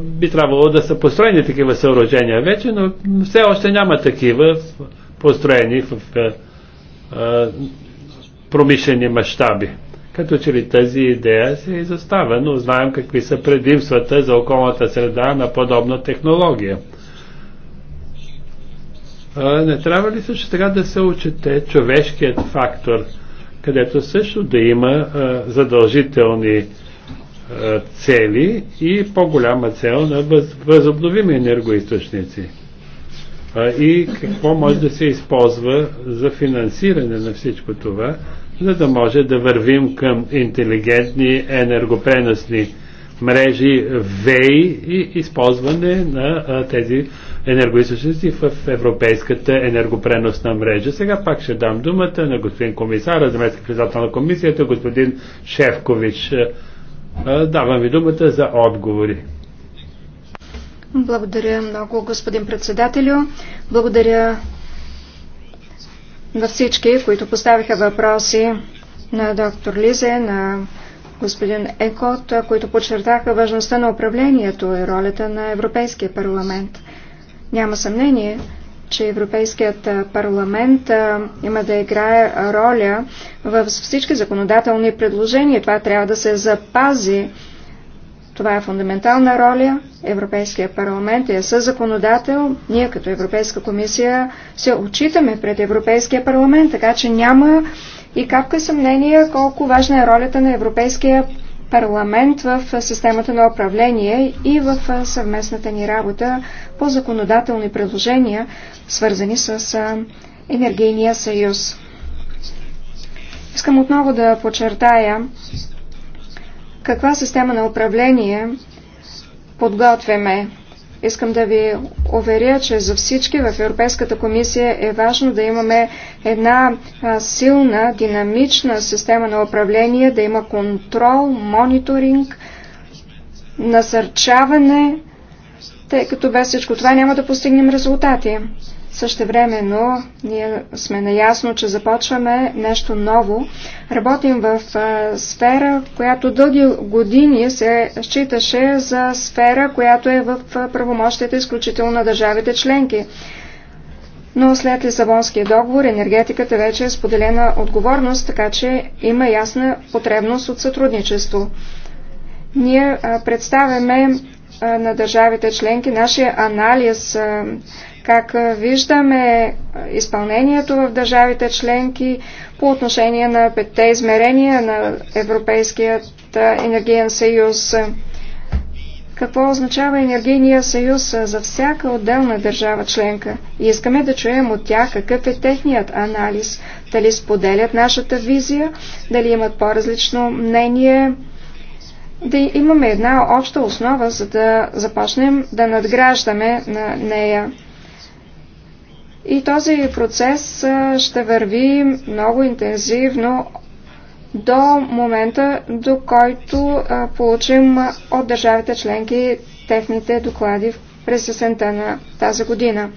би трябвало да са построени такива съоръжения вече, но все още няма такива построени в промишлени мащаби. Като че ли тази идея се изостава, но знаем какви са предимствата за околната среда на подобна технология. Не трябва ли също така да се учете човешкият фактор, където също да има задължителни цели и по-голяма цел на възобновими енергоисточници? и какво може да се използва за финансиране на всичко това, за да може да вървим към интелигентни енергопреносни мрежи ВЕИ и използване на а, тези енергоисточници в Европейската енергопреносна мрежа. Сега пак ще дам думата на господин комисар, заместник председател на комисията, господин Шефкович. А, давам ви думата за отговори. Благодаря много, господин председателю. Благодаря на всички, които поставиха въпроси на доктор Лизе, на господин Екот, които подчертаха важността на управлението и ролята на Европейския парламент. Няма съмнение, че Европейският парламент има да играе роля във всички законодателни предложения. Това трябва да се запази това е фундаментална роля. Европейския парламент е със законодател. Ние като Европейска комисия се отчитаме пред Европейския парламент, така че няма и капка съмнение колко важна е ролята на Европейския парламент в системата на управление и в съвместната ни работа по законодателни предложения, свързани с енергийния съюз. Искам отново да подчертая, каква система на управление подготвяме? Искам да ви уверя, че за всички в Европейската комисия е важно да имаме една силна, динамична система на управление, да има контрол, мониторинг, насърчаване, тъй като без всичко това няма да постигнем резултати. Същевременно ние сме наясно, че започваме нещо ново. Работим в сфера, която дълги години се считаше за сфера, която е в правомощите изключително на държавите членки. Но след Лисабонския договор енергетиката вече е споделена отговорност, така че има ясна потребност от сътрудничество. Ние представяме на държавите членки, нашия анализ, как виждаме изпълнението в държавите членки по отношение на петте измерения на Европейският енергиен съюз. Какво означава енергийния съюз за всяка отделна държава членка? И искаме да чуем от тях какъв е техният анализ. Дали споделят нашата визия, дали имат по-различно мнение, да имаме една обща основа, за да започнем да надграждаме на нея. И този процес ще върви много интензивно до момента, до който получим от държавите членки техните доклади през есента на тази година.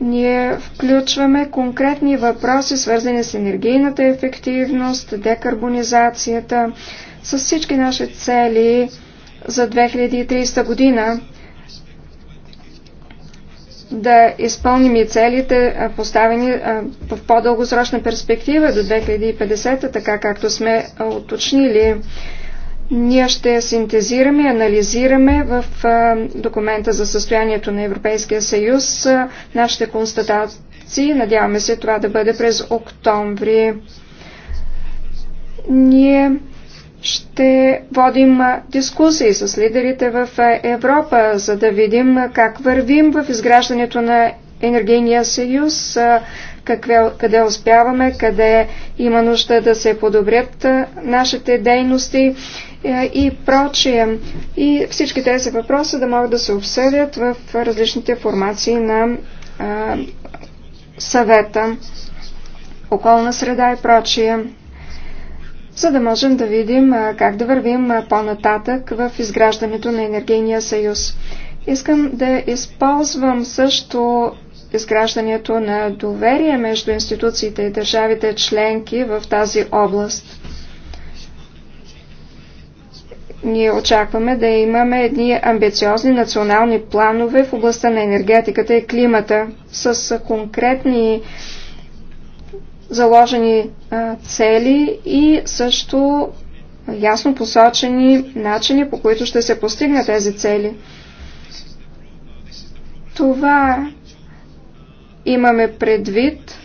Ние включваме конкретни въпроси, свързани с енергийната ефективност, декарбонизацията, с всички наши цели за 2030 година да изпълним и целите поставени в по-дългосрочна перспектива до 2050, така както сме уточнили. Ние ще синтезираме, анализираме в документа за състоянието на Европейския съюз нашите констатации. Надяваме се това да бъде през октомври. Ние ще водим дискусии с лидерите в Европа, за да видим как вървим в изграждането на енергийния съюз, какве, къде успяваме, къде има нужда да се подобрят нашите дейности е, и прочие. И всички тези въпроси да могат да се обсъдят в различните формации на съвета, околна среда и прочие за да можем да видим как да вървим по-нататък в изграждането на енергийния съюз. Искам да използвам също изграждането на доверие между институциите и държавите членки в тази област. Ние очакваме да имаме едни амбициозни национални планове в областта на енергетиката и климата с конкретни заложени цели и също ясно посочени начини, по които ще се постигнат тези цели. Това имаме предвид.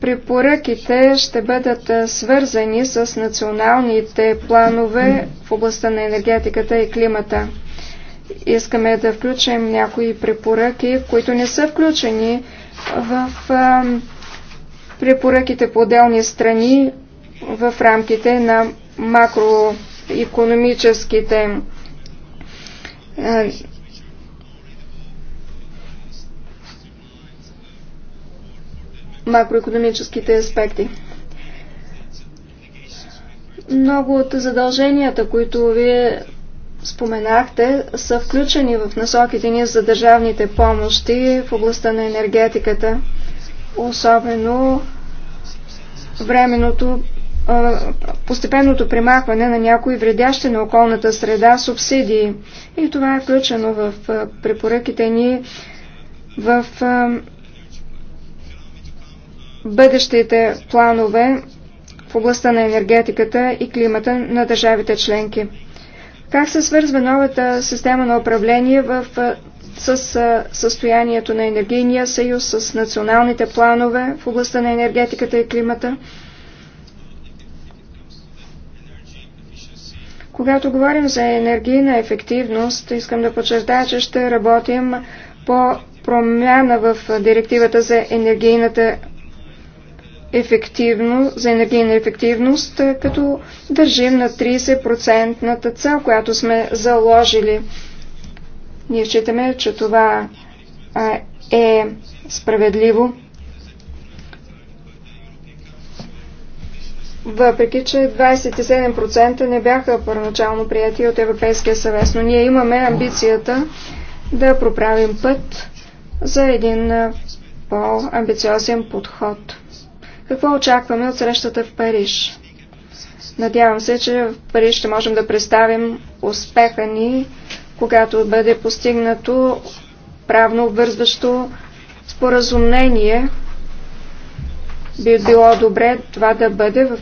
Препоръките ще бъдат свързани с националните планове в областта на енергетиката и климата. Искаме да включим някои препоръки, които не са включени в препоръките по отделни страни в рамките на макроекономическите е, макроекономическите аспекти. Много от задълженията, които вие споменахте, са включени в насоките ни за държавните помощи в областта на енергетиката особено временното постепенното примахване на някои вредящи на околната среда субсидии. И това е включено в препоръките ни в бъдещите планове в областта на енергетиката и климата на държавите членки. Как се свързва новата система на управление в с състоянието на енергийния съюз, с националните планове в областта на енергетиката и климата. Когато говорим за енергийна ефективност, искам да подчертая, че ще работим по промяна в директивата за енергийната ефективност, за енергийна ефективност, като държим на 30 цел, която сме заложили. Ние считаме, че това е справедливо. Въпреки, че 27% не бяха първоначално прияти от Европейския съвет, но ние имаме амбицията да проправим път за един по-амбициозен подход. Какво очакваме от срещата в Париж? Надявам се, че в Париж ще можем да представим успеха ни когато бъде постигнато правно обвързващо споразумение, би било добре това да бъде в,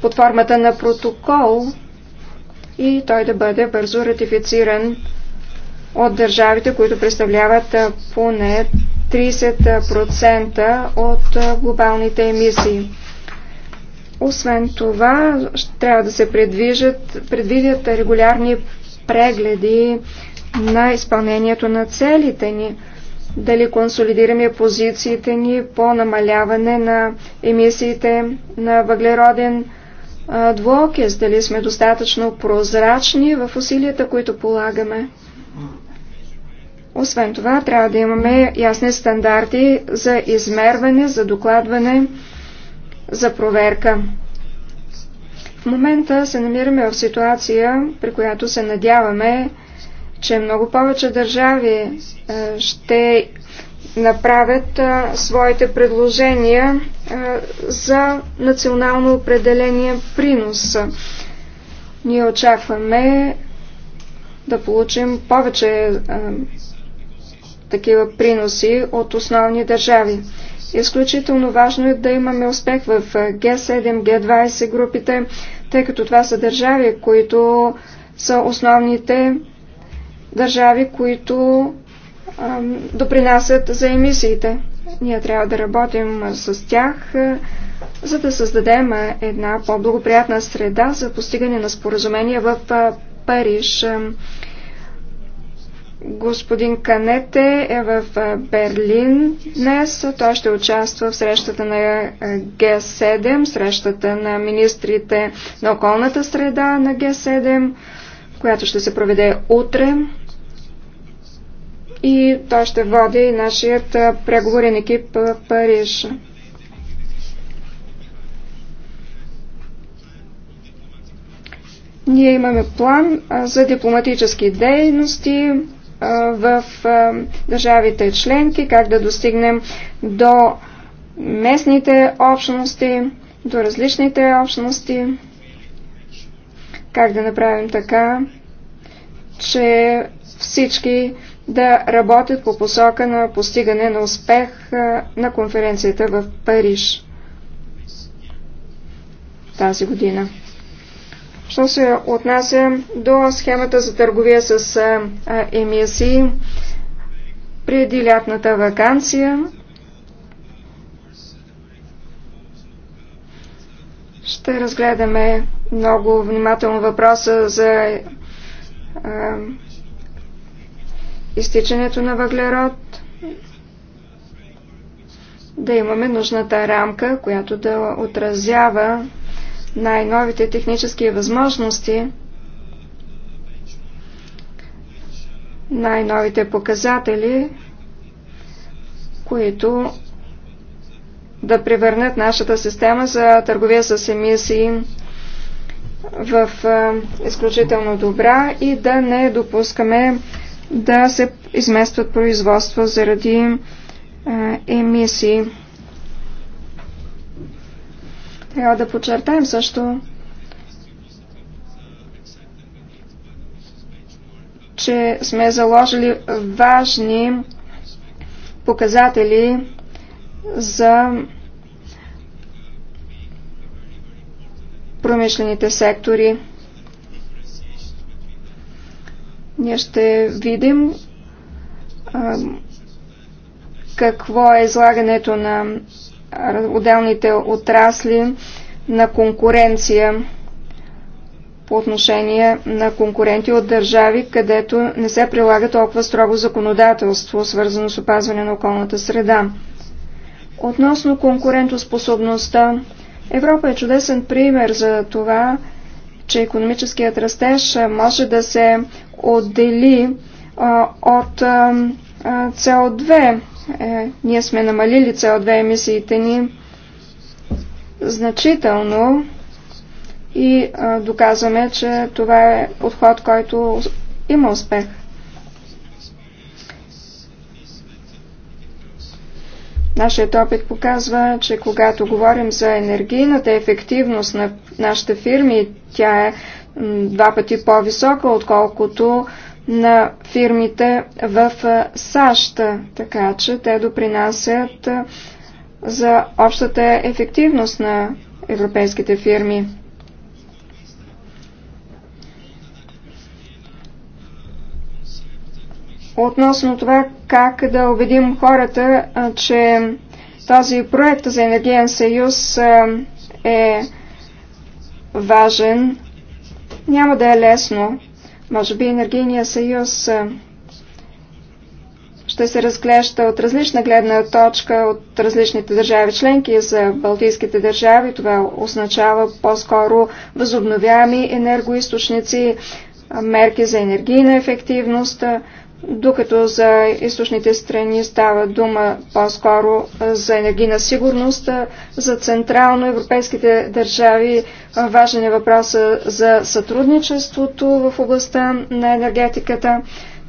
под формата на протокол и той да бъде бързо ратифициран от държавите, които представляват поне 30% от глобалните емисии. Освен това, трябва да се предвижат, предвидят регулярни прегледи на изпълнението на целите ни, дали консолидираме позициите ни по намаляване на емисиите на въглероден двуокис, дали сме достатъчно прозрачни в усилията, които полагаме. Освен това, трябва да имаме ясни стандарти за измерване, за докладване, за проверка. В момента се намираме в ситуация, при която се надяваме, че много повече държави е, ще направят е, своите предложения е, за национално определение принос. Ние очакваме да получим повече такива приноси от основни държави. Изключително важно е да имаме успех в Г7, Г20 групите, тъй като това са държави, които са основните държави, които ам, допринасят за емисиите. Ние трябва да работим с тях, за да създадем една по-благоприятна среда за постигане на споразумения в Париж. Господин Канете е в Берлин днес. Той ще участва в срещата на Г7, срещата на министрите на околната среда на Г7, която ще се проведе утре. И той ще води и нашият преговорен екип в Париж. Ние имаме план за дипломатически дейности, в държавите членки, как да достигнем до местните общности, до различните общности, как да направим така, че всички да работят по посока на постигане на успех на конференцията в Париж тази година. Що се отнася до схемата за търговия с емисии преди лятната вакансия, ще разгледаме много внимателно въпроса за а, изтичането на въглерод, да имаме нужната рамка, която да отразява най-новите технически възможности, най-новите показатели, които да превърнат нашата система за търговия с емисии в изключително добра и да не допускаме да се изместват производства заради емисии. Трябва да подчертаем също, че сме заложили важни показатели за промишлените сектори. Ние ще видим а, какво е излагането на отделните отрасли на конкуренция по отношение на конкуренти от държави, където не се прилага толкова строго законодателство, свързано с опазване на околната среда. Относно конкурентоспособността, Европа е чудесен пример за това, че економическият растеж може да се отдели от CO2 е, ние сме намалили цел две емисиите ни значително и е, доказваме, че това е подход, който има успех. Нашият опит показва, че когато говорим за енергийната ефективност на нашите фирми, тя е два пъти по-висока, отколкото на фирмите в САЩ, така че те допринасят за общата ефективност на европейските фирми. Относно това как да убедим хората, че този проект за енергиен съюз е важен, няма да е лесно. Може би енергийният съюз ще се разглежда от различна гледна точка от различните държави членки. За балтийските държави това означава по-скоро възобновяеми енергоисточници, мерки за енергийна ефективност, докато за източните страни става дума по-скоро за енергийна сигурност, за централно европейските държави важен е въпроса за сътрудничеството в областта на енергетиката.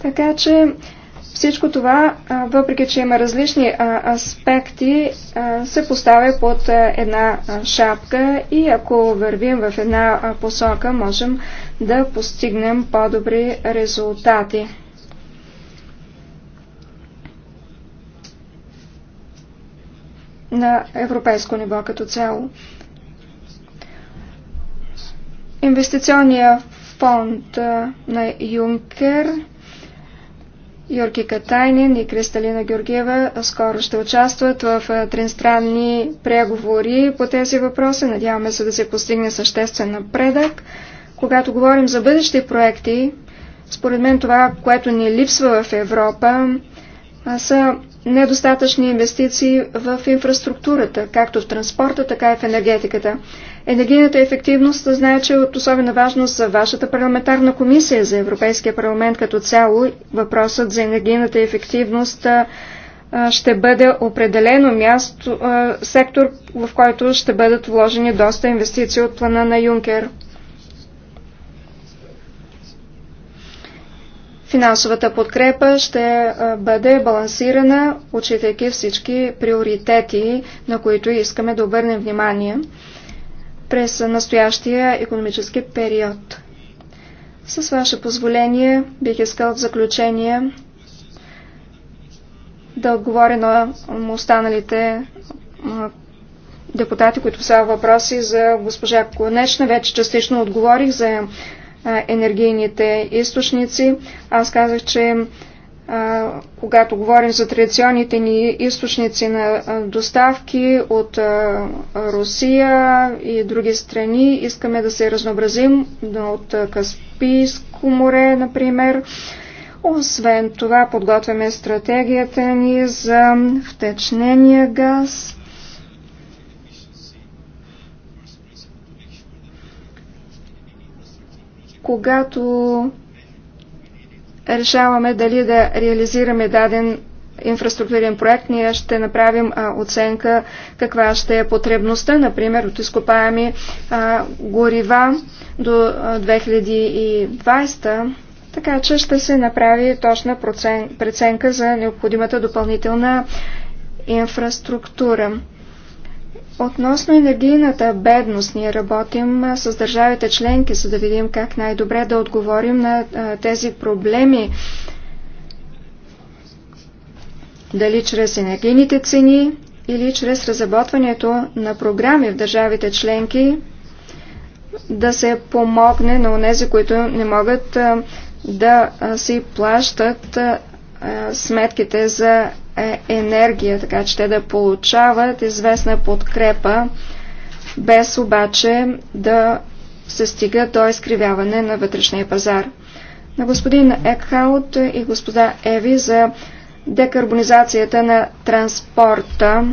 Така че всичко това, въпреки че има различни аспекти, се поставя под една шапка и ако вървим в една посока, можем да постигнем по-добри резултати. на европейско ниво като цяло. Инвестиционния фонд на Юнкер, Юрки Катайнин и Кристалина Георгиева скоро ще участват в тринстранни преговори по тези въпроси. Надяваме се да се постигне съществен напредък. Когато говорим за бъдещи проекти, според мен това, което ни липсва в Европа, са недостатъчни инвестиции в инфраструктурата, както в транспорта, така и в енергетиката. Енергийната ефективност знае, че е от особена важност за вашата парламентарна комисия, за Европейския парламент като цяло. Въпросът за енергийната ефективност ще бъде определено място, сектор, в който ще бъдат вложени доста инвестиции от плана на Юнкер. Финансовата подкрепа ще е, бъде балансирана, отчитайки всички приоритети, на които искаме да обърнем внимание през настоящия економически период. С ваше позволение бих искал в заключение да отговоря на останалите депутати, които са въпроси за госпожа Конечна. Вече частично отговорих за енергийните източници. Аз казах, че когато говорим за традиционните ни източници на доставки от Русия и други страни, искаме да се разнообразим от Каспийско море, например. Освен това, подготвяме стратегията ни за втечнения газ. когато решаваме дали да реализираме даден инфраструктурен проект, ние ще направим а, оценка каква ще е потребността, например, от изкопаеми а, горива до а, 2020, така че ще се направи точна преценка за необходимата допълнителна инфраструктура. Относно енергийната бедност, ние работим с държавите членки, за да видим как най-добре да отговорим на тези проблеми. Дали чрез енергийните цени или чрез разработването на програми в държавите членки да се помогне на онези, които не могат да си плащат сметките за е енергия, така че те да получават известна подкрепа, без обаче да се стига до изкривяване на вътрешния пазар. На господин Екхаут и господа Еви за декарбонизацията на транспорта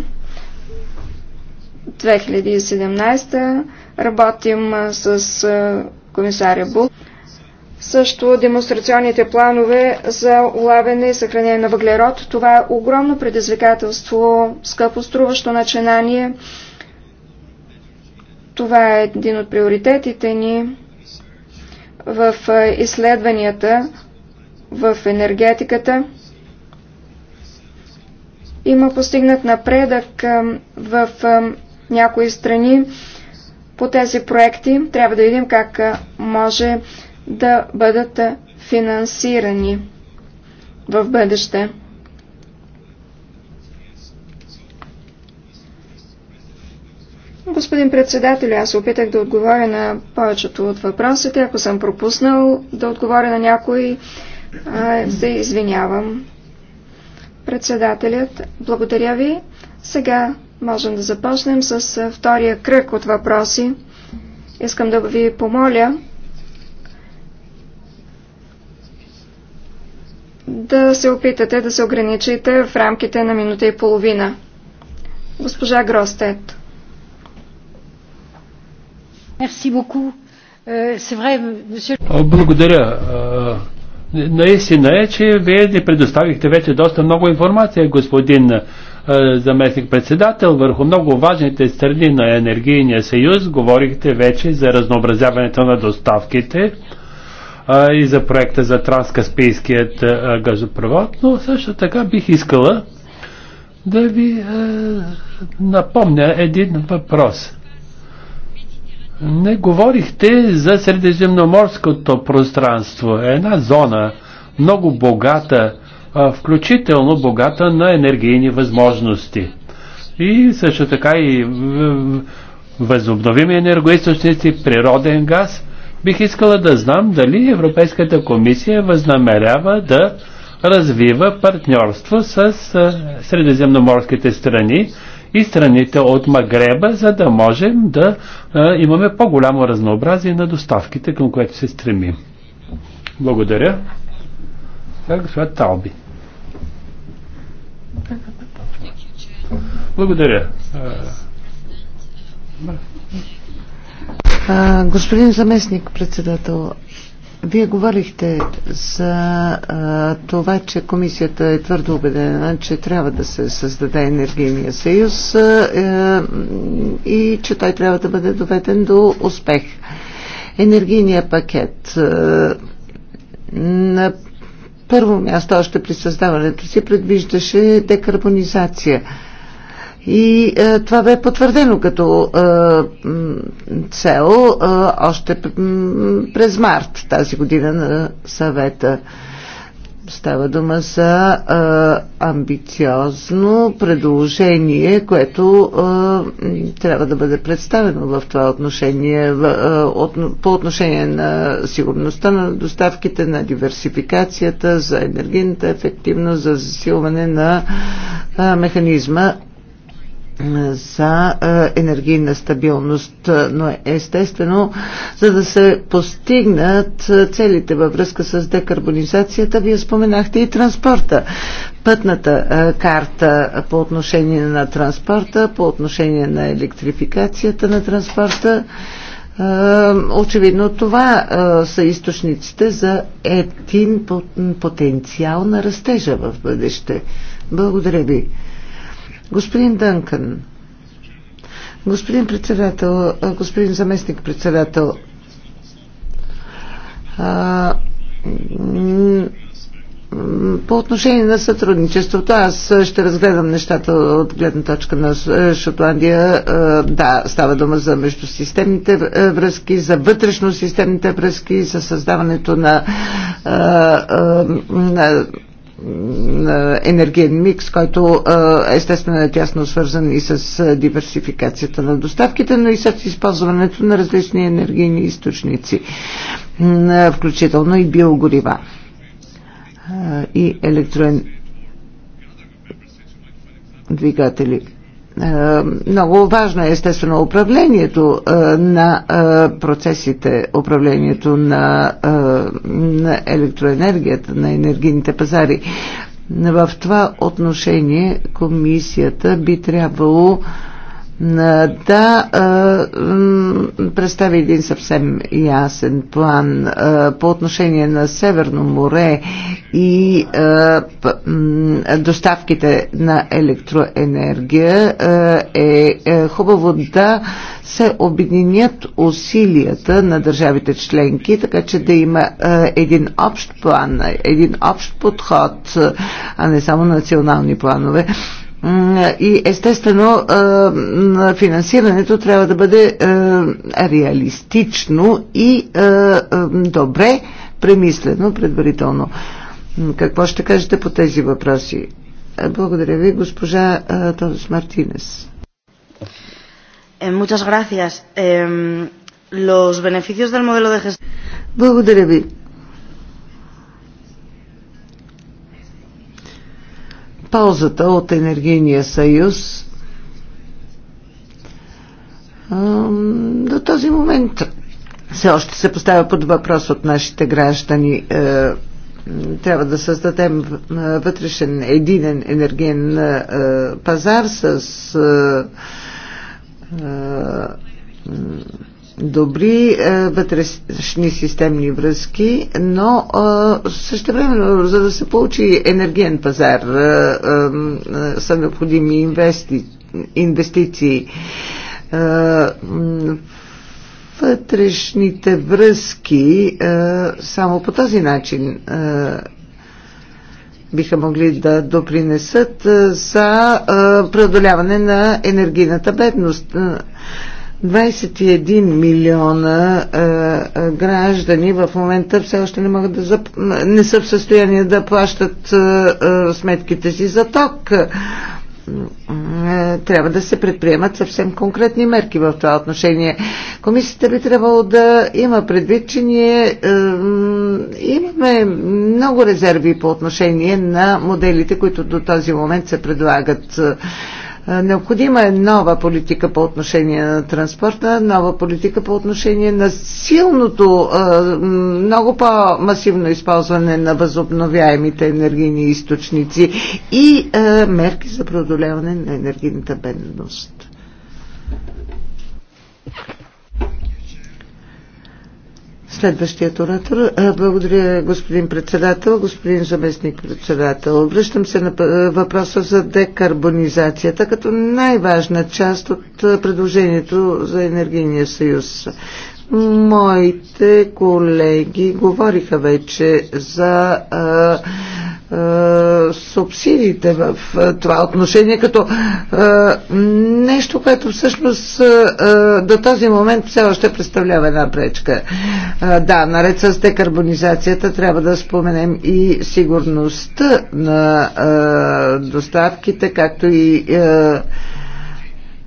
2017 работим с комисаря Бул също демонстрационните планове за улавяне и съхранение на въглерод. Това е огромно предизвикателство, скъпо струващо начинание. Това е един от приоритетите ни в изследванията в енергетиката. Има постигнат напредък в някои страни по тези проекти. Трябва да видим как може да бъдат финансирани в бъдеще. Господин председател, аз опитах да отговоря на повечето от въпросите. Ако съм пропуснал да отговоря на някой, се извинявам. Председателят, благодаря ви. Сега можем да започнем с втория кръг от въпроси. Искам да ви помоля да се опитате да се ограничите в рамките на минута и половина. Госпожа Гростет. Euh, благодаря. Е, наистина е, че вие ни предоставихте вече доста много информация, господин е, заместник-председател, върху много важните страни на енергийния съюз. Говорихте вече за разнообразяването на доставките а, и за проекта за Транскаспийският газопровод, но също така бих искала да ви а, напомня един въпрос. Не говорихте за средиземноморското пространство, една зона много богата, а, включително богата на енергийни възможности. И също така и възобновими енергоисточници, природен газ – Бих искала да знам дали Европейската комисия възнамерява да развива партньорство с средиземноморските страни и страните от Магреба, за да можем да имаме по-голямо разнообразие на доставките, към което се стремим. Благодаря. Госпожа Талби. Благодаря. А, господин заместник председател, вие говорихте за а, това, че комисията е твърдо убедена, че трябва да се създаде енергийния съюз а, е, и че той трябва да бъде доведен до успех. Енергийния пакет. А, на първо място, още при създаването си, предвиждаше декарбонизация. А, и е, това бе потвърдено като е, цел е, още през март тази година на съвета. Става дума за е, амбициозно предложение, което е, трябва да бъде представено в това отношение, е, от, по отношение на сигурността на доставките, на диверсификацията, за енергийната ефективност, за засилване на е, механизма за е, енергийна стабилност, е, но естествено, за да се постигнат е, целите във връзка с декарбонизацията, вие споменахте и транспорта. Пътната карта по отношение на транспорта, по отношение на електрификацията на транспорта, Очевидно това са източниците за един потенциал на растежа в бъдеще. Благодаря ви. Господин Дънкън, господин председател, господин заместник председател, по отношение на сътрудничеството, аз ще разгледам нещата от гледна точка на Шотландия. Да, става дума за междусистемните връзки, за вътрешно-системните връзки, за създаването на, на енергиен микс, който естествено е тясно свързан и с диверсификацията на доставките, но и с използването на различни енергийни източници, включително и биогорива и електроен двигатели. Е, много важно е естествено управлението е, на е, процесите, управлението на, на електроенергията, на енергийните пазари. В това отношение комисията би трябвало да представи един съвсем ясен план по отношение на Северно море и доставките на електроенергия е, е хубаво да се обединят усилията на държавите членки, така че да има един общ план, един общ подход, а не само национални планове. И естествено е, финансирането трябва да бъде е, реалистично и е, добре премислено предварително. Какво ще кажете по тези въпроси? Благодаря ви, госпожа Тодос Мартинес. Muchas gracias. Los beneficios del modelo de gestión. Благодаря ви. ползата от енергийния съюз. До този момент все още се поставя под въпрос от нашите граждани. Е, трябва да създадем е, вътрешен единен енергиен е, пазар с добри е, вътрешни системни връзки, но е, време, за да се получи енергиен пазар, е, са необходими инвести... инвестиции. Вътрешните връзки само по този начин биха могли да допринесат за преодоляване на енергийната бедност. 21 милиона а, е, а, е, граждани в момента все още не могат да зап... не са в състояние да плащат а, е, а, сметките си за ток. Трябва да се предприемат съвсем конкретни мерки в това отношение. Комисията би трябвало да има предвид, че ние а, имаме много резерви по отношение на моделите, които до този момент се предлагат. А, Необходима е нова политика по отношение на транспорта, нова политика по отношение на силното, много по-масивно използване на възобновяемите енергийни източници и мерки за преодоляване на енергийната бедност. Следващият оратор. Е, благодаря, господин председател, господин заместник председател. Връщам се на въпроса за декарбонизацията като най-важна част от е, предложението за енергийния съюз. Моите колеги говориха вече за а, е, силите в това отношение, като е, нещо, което всъщност е, до този момент все още представлява една пречка. Е, да, наред с декарбонизацията трябва да споменем и сигурността на е, доставките, както и е,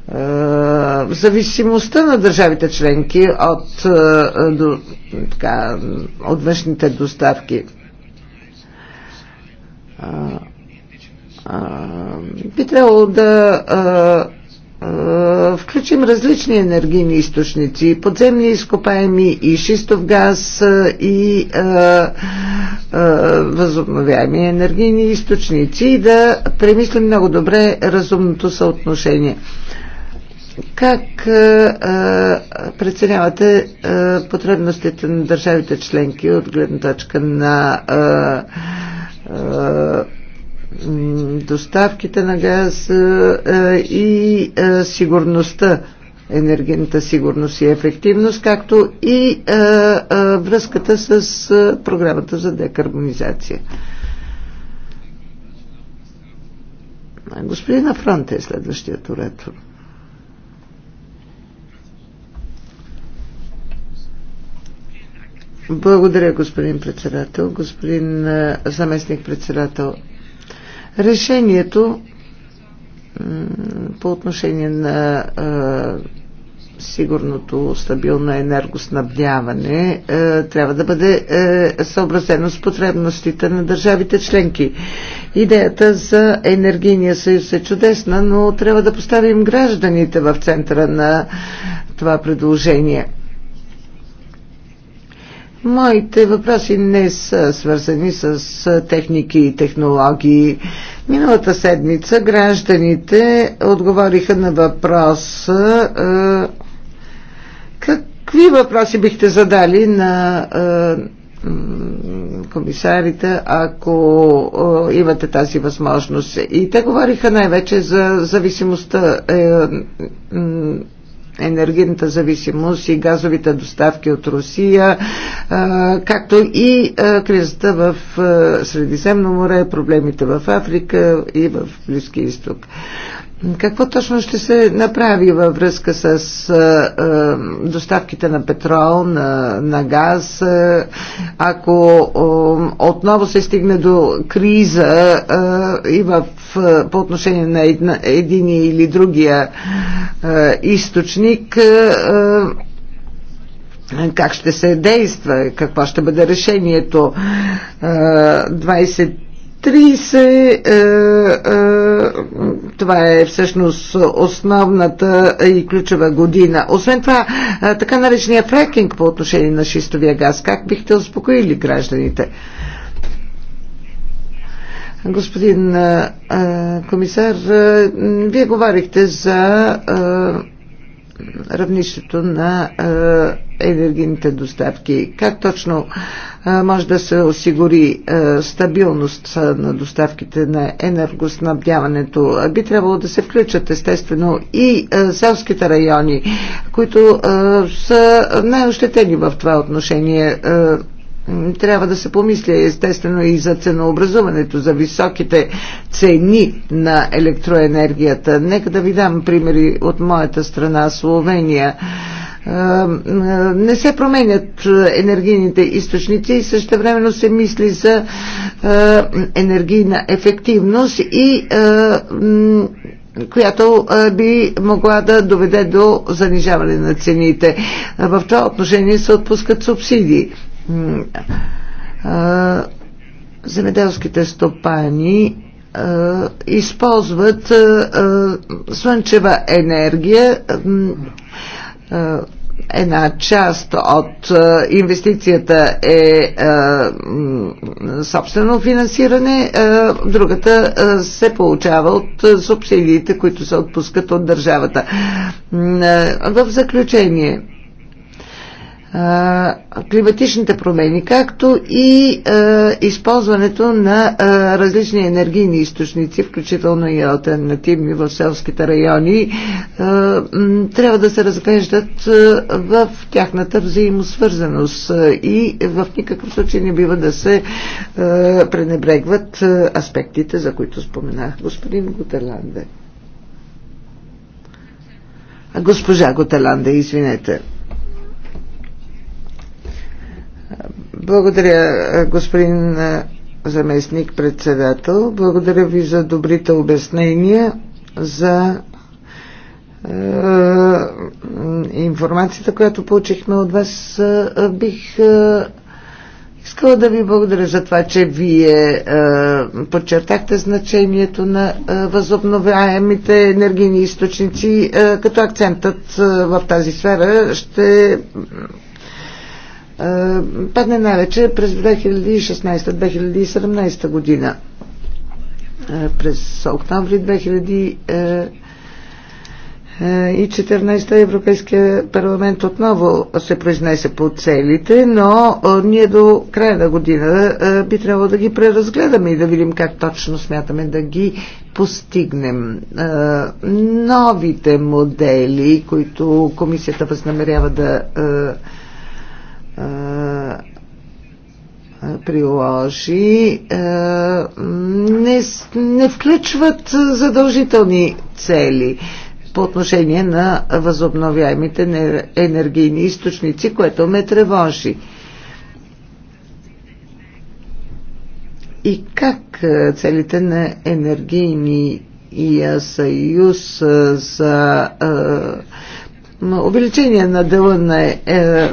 в зависимостта на държавите членки от, до, така, от външните доставки би трябвало да включим различни енергийни източници, подземни изкопаеми и шистов газ и а, а, възобновяеми енергийни източници и да премислим много добре разумното съотношение. Как а, преценявате а, потребностите на държавите членки от гледна точка на а, а, доставките на газ е, и е, сигурността, енергийната сигурност и ефективност, както и е, връзката с програмата за декарбонизация. Господин Афронт е следващият оратор. Благодаря, господин председател, господин заместник председател. Решението по отношение на сигурното стабилно енергоснабдяване трябва да бъде съобразено с потребностите на държавите членки. Идеята за енергийния съюз е чудесна, но трябва да поставим гражданите в центъра на това предложение. Моите въпроси не са свързани с техники и технологии. Миналата седмица гражданите отговориха на въпроса какви въпроси бихте задали на комисарите, ако имате тази възможност. И те говориха най-вече за зависимостта е, енергийната зависимост и газовите доставки от Русия, както и кризата в Средиземно море, проблемите в Африка и в Близки изток. Какво точно ще се направи във връзка с доставките на петрол, на, на газ, ако отново се стигне до криза и в, по отношение на една, един или другия източник? как ще се действа, какво ще бъде решението. 20 30 е, е, това е всъщност основната и ключова година. Освен това, е, така наречения фрекинг по отношение на шистовия газ, как бихте успокоили гражданите? Господин комисар, вие говорихте за равнището на енергийните доставки. Как точно може да се осигури стабилност на доставките на енергоснабдяването? Би трябвало да се включат естествено и селските райони, които са най-ощетени в това отношение трябва да се помисля естествено и за ценообразуването, за високите цени на електроенергията. Нека да ви дам примери от моята страна Словения. Не се променят енергийните източници и също времено се мисли за енергийна ефективност и която би могла да доведе до занижаване на цените. В това отношение се отпускат субсидии земеделските стопани използват слънчева енергия една част от инвестицията е собствено финансиране, другата се получава от субсидиите, които се отпускат от държавата. В заключение, климатичните промени, както и използването на различни енергийни източници, включително и альтернативни в селските райони, трябва да се разглеждат в тяхната взаимосвързаност и в никакъв случай не бива да се пренебрегват аспектите, за които споменах господин Готеланде. Госпожа Готеланде, извинете. Благодаря, господин заместник председател. Благодаря ви за добрите обяснения, за е, информацията, която получихме от вас. Бих е, искала да ви благодаря за това, че вие е, подчертахте значението на е, възобновяемите енергийни източници, е, като акцентът е, в тази сфера ще е, падне най-вече през 2016-2017 година. Е, през октомври 2014, е, Европейския парламент отново се произнесе по целите, но ние до края на година би трябвало да ги преразгледаме и да видим как точно смятаме да ги постигнем. Новите модели, които комисията възнамерява да приложи, не, не включват задължителни цели по отношение на възобновяемите енергийни източници, което ме тревожи. И как целите на енергийния съюз за увеличение на дела на е,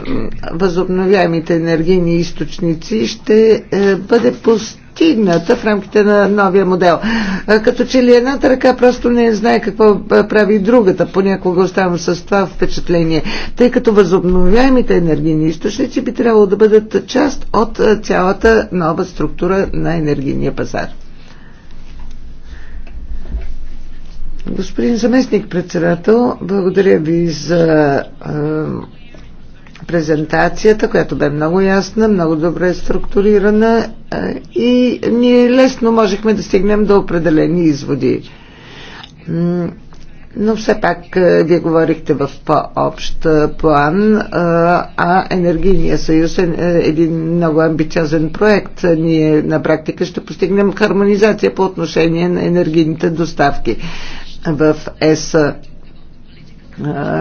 възобновяемите енергийни източници ще е, бъде постигната в рамките на новия модел. Като че ли едната ръка просто не знае какво прави другата, понякога оставам с това впечатление, тъй като възобновяемите енергийни източници би трябвало да бъдат част от цялата нова структура на енергийния пазар. Господин заместник председател, благодаря ви за е, презентацията, която бе много ясна, много добре структурирана е, и ние лесно можехме да стигнем до определени изводи. Но все пак е, вие говорихте в по-общ план, е, а Енергийния съюз е, е един много амбициозен проект. Ние на практика ще постигнем хармонизация по отношение на енергийните доставки в ЕС. -а.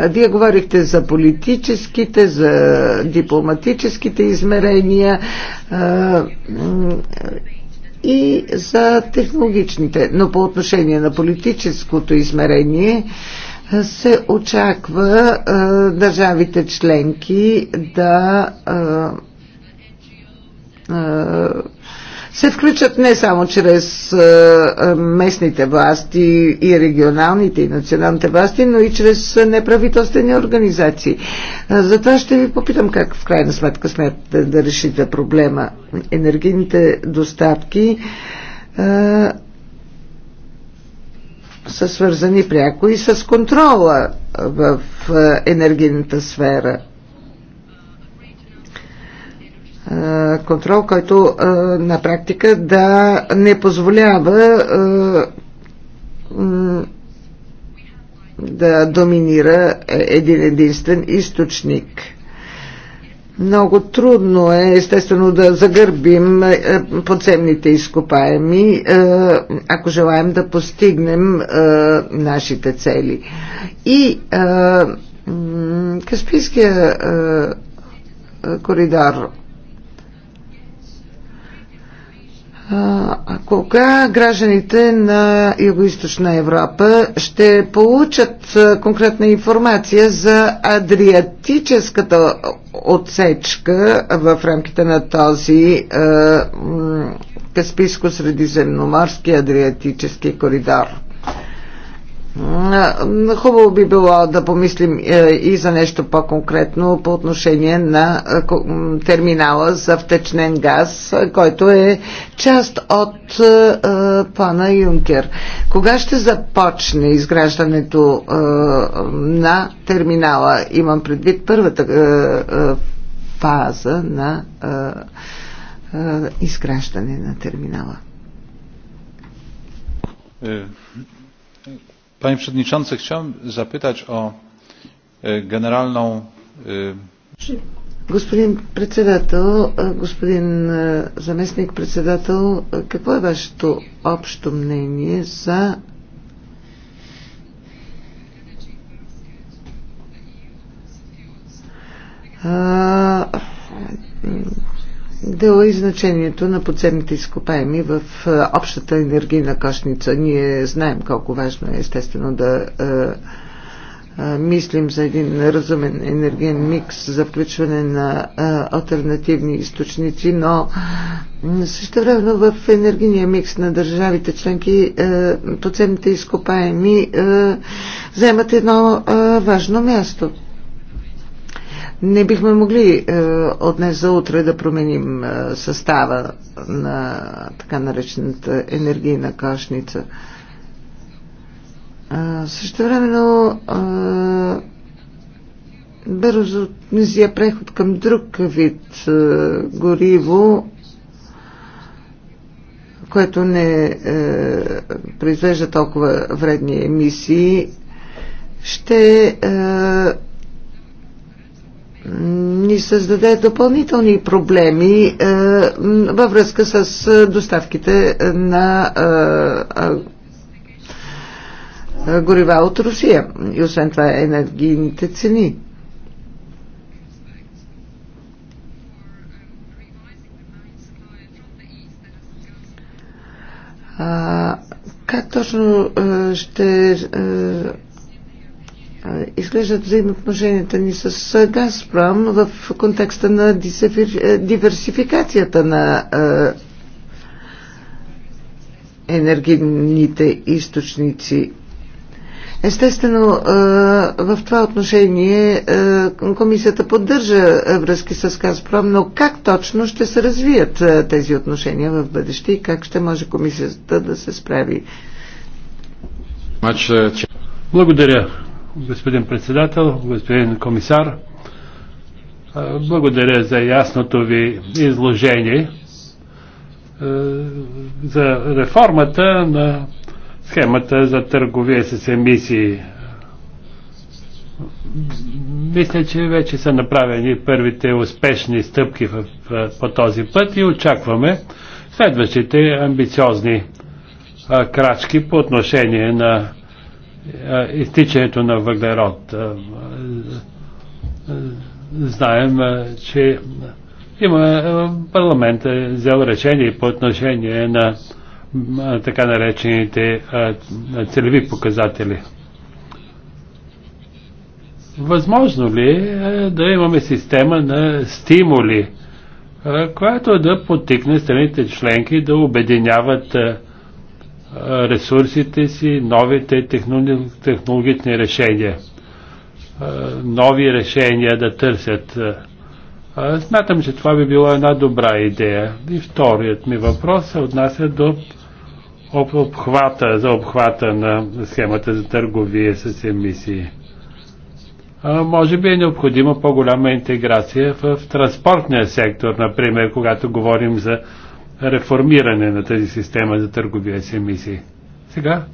Вие говорихте за политическите, за дипломатическите измерения и за технологичните. Но по отношение на политическото измерение се очаква държавите членки да се включат не само чрез е, е, местните власти и регионалните и националните власти, но и чрез неправителствени организации. Е, затова ще ви попитам как в крайна сметка смятате да решите проблема. Енергийните доставки са свързани пряко и с контрола в енергийната сфера. Е, контрол, който е, на практика да не позволява е, да доминира един единствен източник. Много трудно е, естествено, да загърбим подземните изкопаеми, ако желаем да постигнем нашите цели. И Каспийския коридор А кога гражданите на Юго-Источна Европа ще получат конкретна информация за адриатическата отсечка в рамките на този Каспийско-средиземноморски адриатически коридор? Хубаво би било да помислим е, и за нещо по-конкретно по отношение на е, терминала за втечнен газ, е, който е част от плана Юнкер. Кога ще започне изграждането на терминала? Имам предвид първата фаза на изграждане на терминала. Panie Przewodniczący, chciałem zapytać o генерална... E, e, господин председател, е, господин е, заместник председател, е, какво е вашето общо мнение за а, дела и значението на подземните изкопаеми в е, общата енергийна кошница. Ние знаем колко важно е естествено да е, е, мислим за един разумен енергиен микс, за включване на альтернативни източници, но също време в енергийния микс на държавите членки подземните изкопаеми вземат едно важно място. Не бихме могли е, от днес за утре да променим е, състава на така наречената енергийна кашница. Е, също времено е, бе организира преход към друг вид е, гориво, което не е, произвежда толкова вредни емисии, ще е, ни създаде допълнителни проблеми е, във връзка с е, доставките на е, е, е, горива от Русия и освен това енергийните цени. А, как точно е, ще изглеждат взаимоотношенията ни с Газпром в контекста на диверсификацията на енергийните източници. Естествено, в това отношение комисията поддържа връзки с Газпром, но как точно ще се развият тези отношения в бъдеще и как ще може комисията да се справи? Благодаря господин председател, господин комисар. Благодаря за ясното ви изложение за реформата на схемата за търговия с емисии. Мисля, че вече са направени първите успешни стъпки в, в, по този път и очакваме следващите амбициозни а, крачки по отношение на изтичането на въглерод. Знаем, че има парламент е взел решение по отношение на така наречените целеви показатели. Възможно ли е да имаме система на стимули, която да потикне страните членки да обединяват ресурсите си, новите технологични решения, нови решения да търсят. Смятам, че това би било една добра идея. И вторият ми въпрос се отнася до обхвата, за обхвата на схемата за търговия с емисии. може би е необходима по-голяма интеграция в транспортния сектор, например, когато говорим за реформиране на тази система за търговия с емисии. Сега,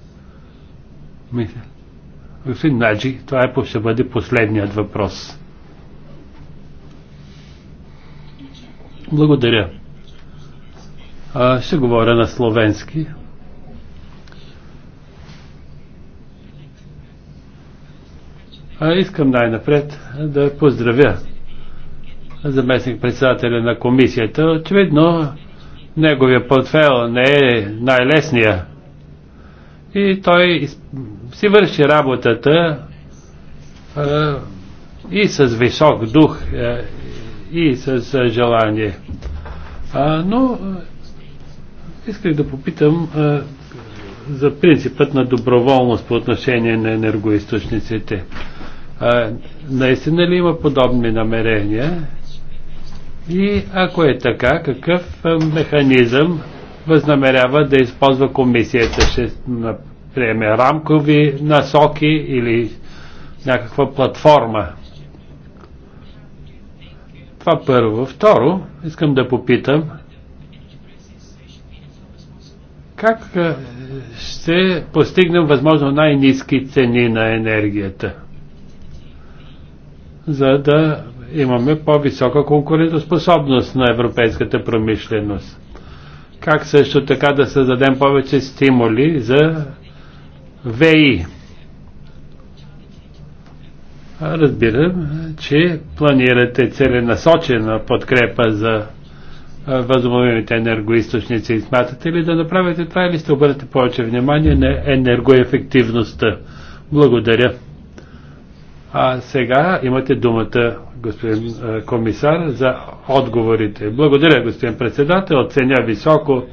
мисля, господин Наджи, това е, ще бъде последният въпрос. Благодаря. А, ще говоря на словенски. А, искам най-напред да поздравя заместник председателя на комисията. Очевидно, Неговия портфел не е най-лесния. И той си върши работата и с висок дух, и с желание. но исках да попитам за принципът на доброволност по отношение на енергоисточниците. наистина ли има подобни намерения? И ако е така, какъв е, механизъм възнамерява да използва комисията? Ще приеме рамкови насоки или някаква платформа? Това първо. Второ, искам да попитам как е, ще постигнем възможно най-низки цени на енергията, за да имаме по-висока конкурентоспособност на европейската промишленост. Как също така да създадем повече стимули за ВИ? Разбирам, че планирате целенасочена подкрепа за възобновените енергоисточници. Смятате ли да направите това или ще обърнете повече внимание на енергоефективността? Благодаря. А сега имате думата, господин комисар, за отговорите. Благодаря, господин председател. Оценя високо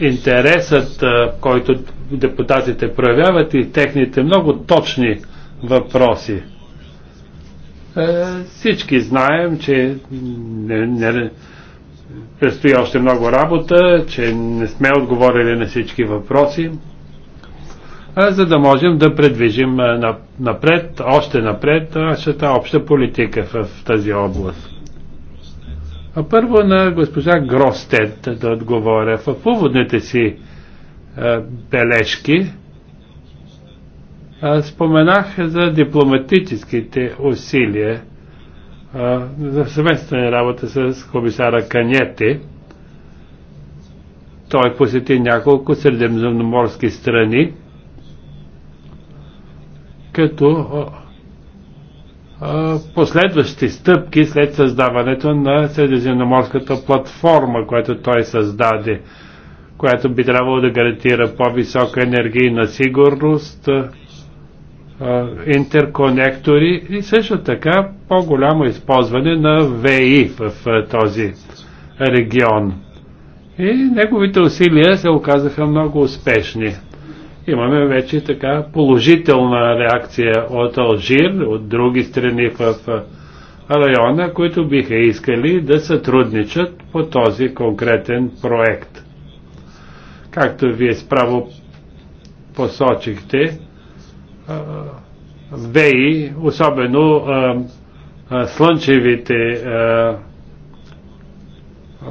интересът, който депутатите проявяват и техните много точни въпроси. Всички знаем, че не, не, предстои още много работа, че не сме отговорили на всички въпроси за да можем да предвижим напред, още напред, нашата обща политика в тази област. А първо на госпожа Гростет да отговоря. В поводните си бележки споменах за дипломатическите усилия за съвместна работа с комисара Канети. Той посети няколко средиземноморски страни като последващи стъпки след създаването на Средиземноморската платформа, която той създаде, която би трябвало да гарантира по-висока енергийна сигурност, интерконектори и също така по-голямо използване на ВИ в този регион. И неговите усилия се оказаха много успешни. Имаме вече така положителна реакция от Алжир, от други страни в района, които биха искали да сътрудничат по този конкретен проект. Както вие справо посочихте, ВЕИ, особено слънчевите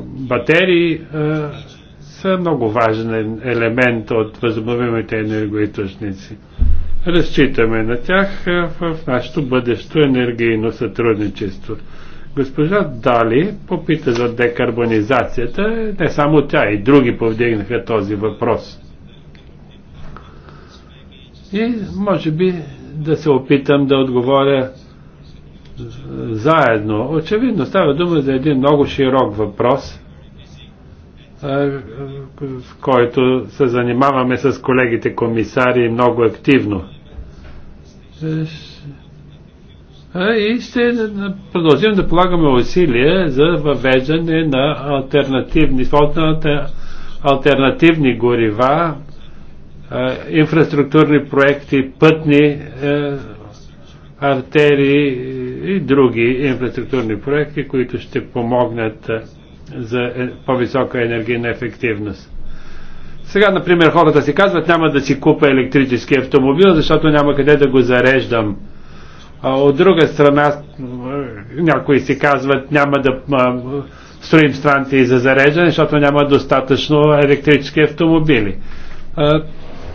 батерии са много важен елемент от възобновимите енергоисточници. Разчитаме на тях в нашето бъдещо енергийно сътрудничество. Госпожа Дали попита за декарбонизацията. Не само тя, и други повдигнаха този въпрос. И може би да се опитам да отговоря заедно. Очевидно става дума за един много широк въпрос – в който се занимаваме с колегите комисари много активно. И ще продължим да полагаме усилия за въвеждане на альтернативни, альтернативни горива, инфраструктурни проекти, пътни артерии и други инфраструктурни проекти, които ще помогнат за е, по-висока енергийна ефективност. Сега, например, хората си казват, няма да си купа електрически автомобил, защото няма къде да го зареждам. А от друга страна, някои си казват, няма да строим станции за зареждане, защото няма достатъчно електрически автомобили. А,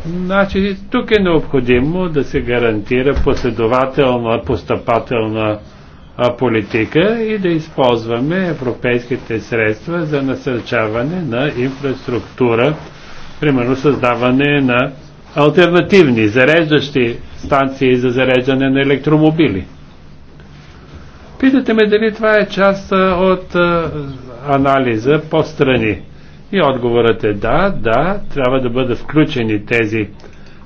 значи, тук е необходимо да се гарантира последователна, постъпателна политика и да използваме европейските средства за насърчаване на инфраструктура, примерно създаване на альтернативни зареждащи станции за зареждане на електромобили. Питате ме дали това е част от анализа по страни. И отговорът е да, да, трябва да бъдат включени тези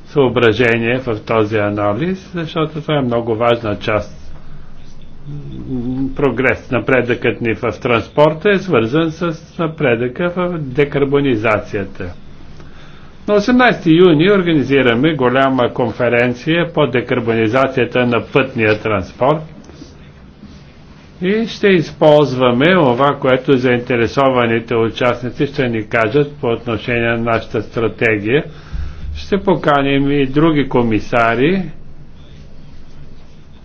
съображения в този анализ, защото това е много важна част прогрес, напредъкът ни в транспорта е свързан с напредъка в декарбонизацията. На 18 юни организираме голяма конференция по декарбонизацията на пътния транспорт и ще използваме това, което заинтересованите участници ще ни кажат по отношение на нашата стратегия. Ще поканим и други комисари,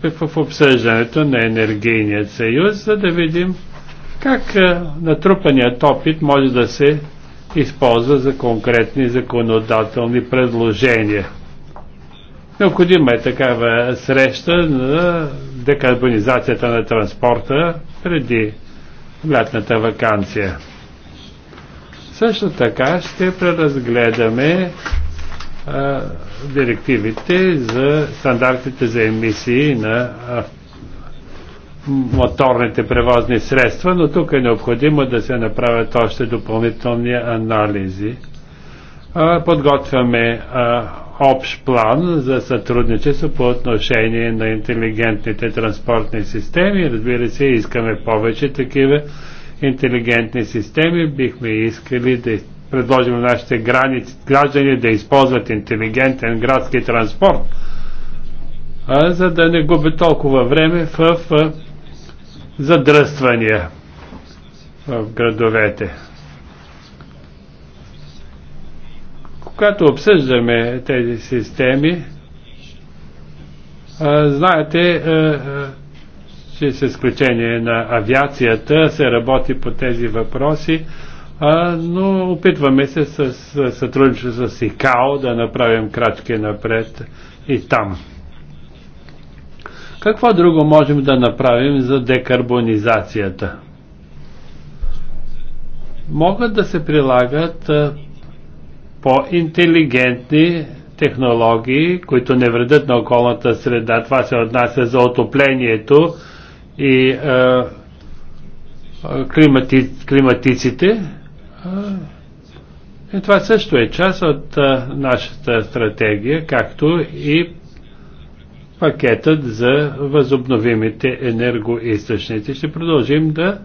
е в обсъждането на енергийният съюз, за да видим как е, натрупаният опит може да се използва за конкретни законодателни предложения. Необходима е такава среща на декарбонизацията на транспорта преди лятната вакансия. Също така ще преразгледаме директивите за стандартите за емисии на моторните превозни средства, но тук е необходимо да се направят още допълнителни анализи. подготвяме общ план за сътрудничество по отношение на интелигентните транспортни системи. Разбира се, искаме повече такива интелигентни системи. Бихме искали да предложим на нашите граници, граждани да използват интелигентен градски транспорт, а, за да не губят толкова време в задръствания в градовете. Когато обсъждаме тези системи, а, знаете, а, че с изключение на авиацията се работи по тези въпроси но опитваме се с сътрудничество с ИКАО да направим крачки напред и там. Какво друго можем да направим за декарбонизацията? Могат да се прилагат по-интелигентни технологии, които не вредят на околната среда. Това се отнася за отоплението и е, климати, климатиците. И това също е част от а, нашата стратегия, както и пакетът за възобновимите енергоисточници. Ще продължим да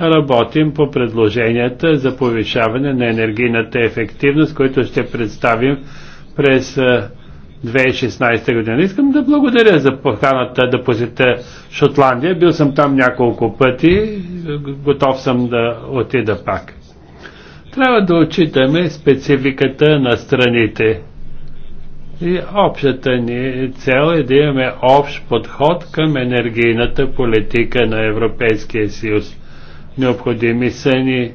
работим по предложенията за повишаване на енергийната ефективност, които ще представим през 2016 година. Искам да благодаря за поканата да посетя Шотландия. Бил съм там няколко пъти. Готов съм да отида пак. Трябва да отчитаме спецификата на страните. И общата ни цел е да имаме общ подход към енергийната политика на Европейския съюз. Необходими са ни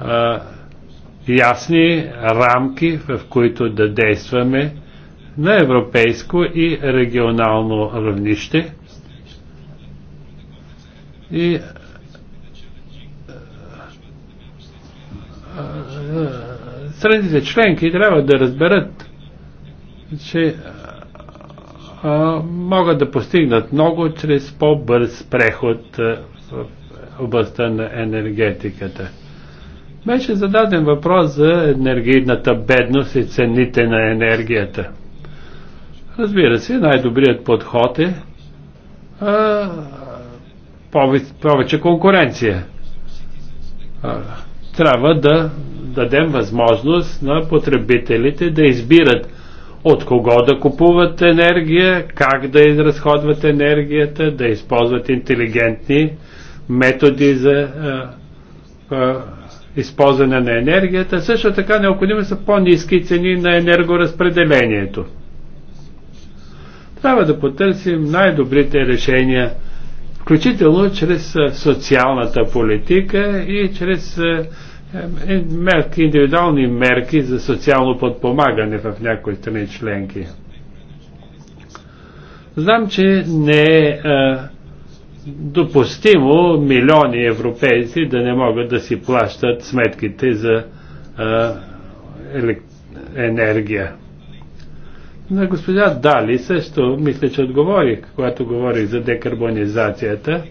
а, ясни рамки, в които да действаме на европейско и регионално равнище. И страните членки трябва да разберат, че а, могат да постигнат много чрез по-бърз преход в областта на енергетиката. Беше зададен въпрос за енергийната бедност и цените на енергията. Разбира се, най-добрият подход е а, повече, повече конкуренция. А, трябва да дадем възможност на потребителите да избират от кого да купуват енергия, как да изразходват енергията, да използват интелигентни методи за а, а, използване на енергията. Също така необходими са по-низки цени на енергоразпределението. Трябва да потърсим най-добрите решения, включително чрез социалната политика и чрез е, мерки, индивидуални мерки за социално подпомагане в някои страни членки. Знам, че не е, е допустимо милиони европейци да не могат да си плащат сметките за е, енергия. На госпожа Дали също мисля, че отговорих, когато говорих за декарбонизацията,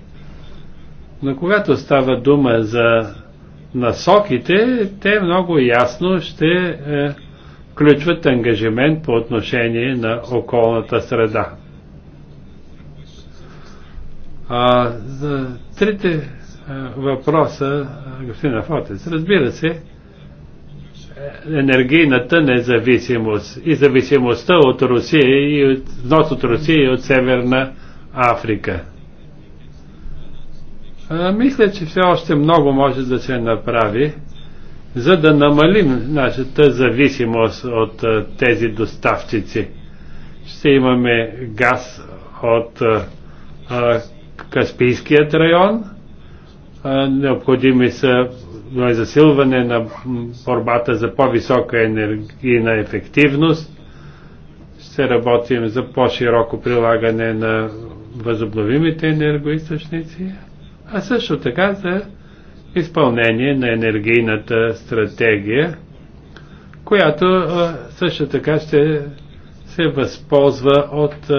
но когато става дума за насоките, те много ясно ще е, включват ангажимент по отношение на околната среда. А, за трите е, въпроса, е, господин Фотес, разбира се, е, енергийната независимост и зависимостта от Русия и от, от Русия и от Северна Африка мисля, че все още много може да се направи, за да намалим нашата зависимост от тези доставчици. Ще имаме газ от Каспийският район. Необходими са но е засилване на борбата за по-висока енергийна ефективност. Ще работим за по-широко прилагане на възобновимите енергоисточници а също така за изпълнение на енергийната стратегия, която също така ще се възползва от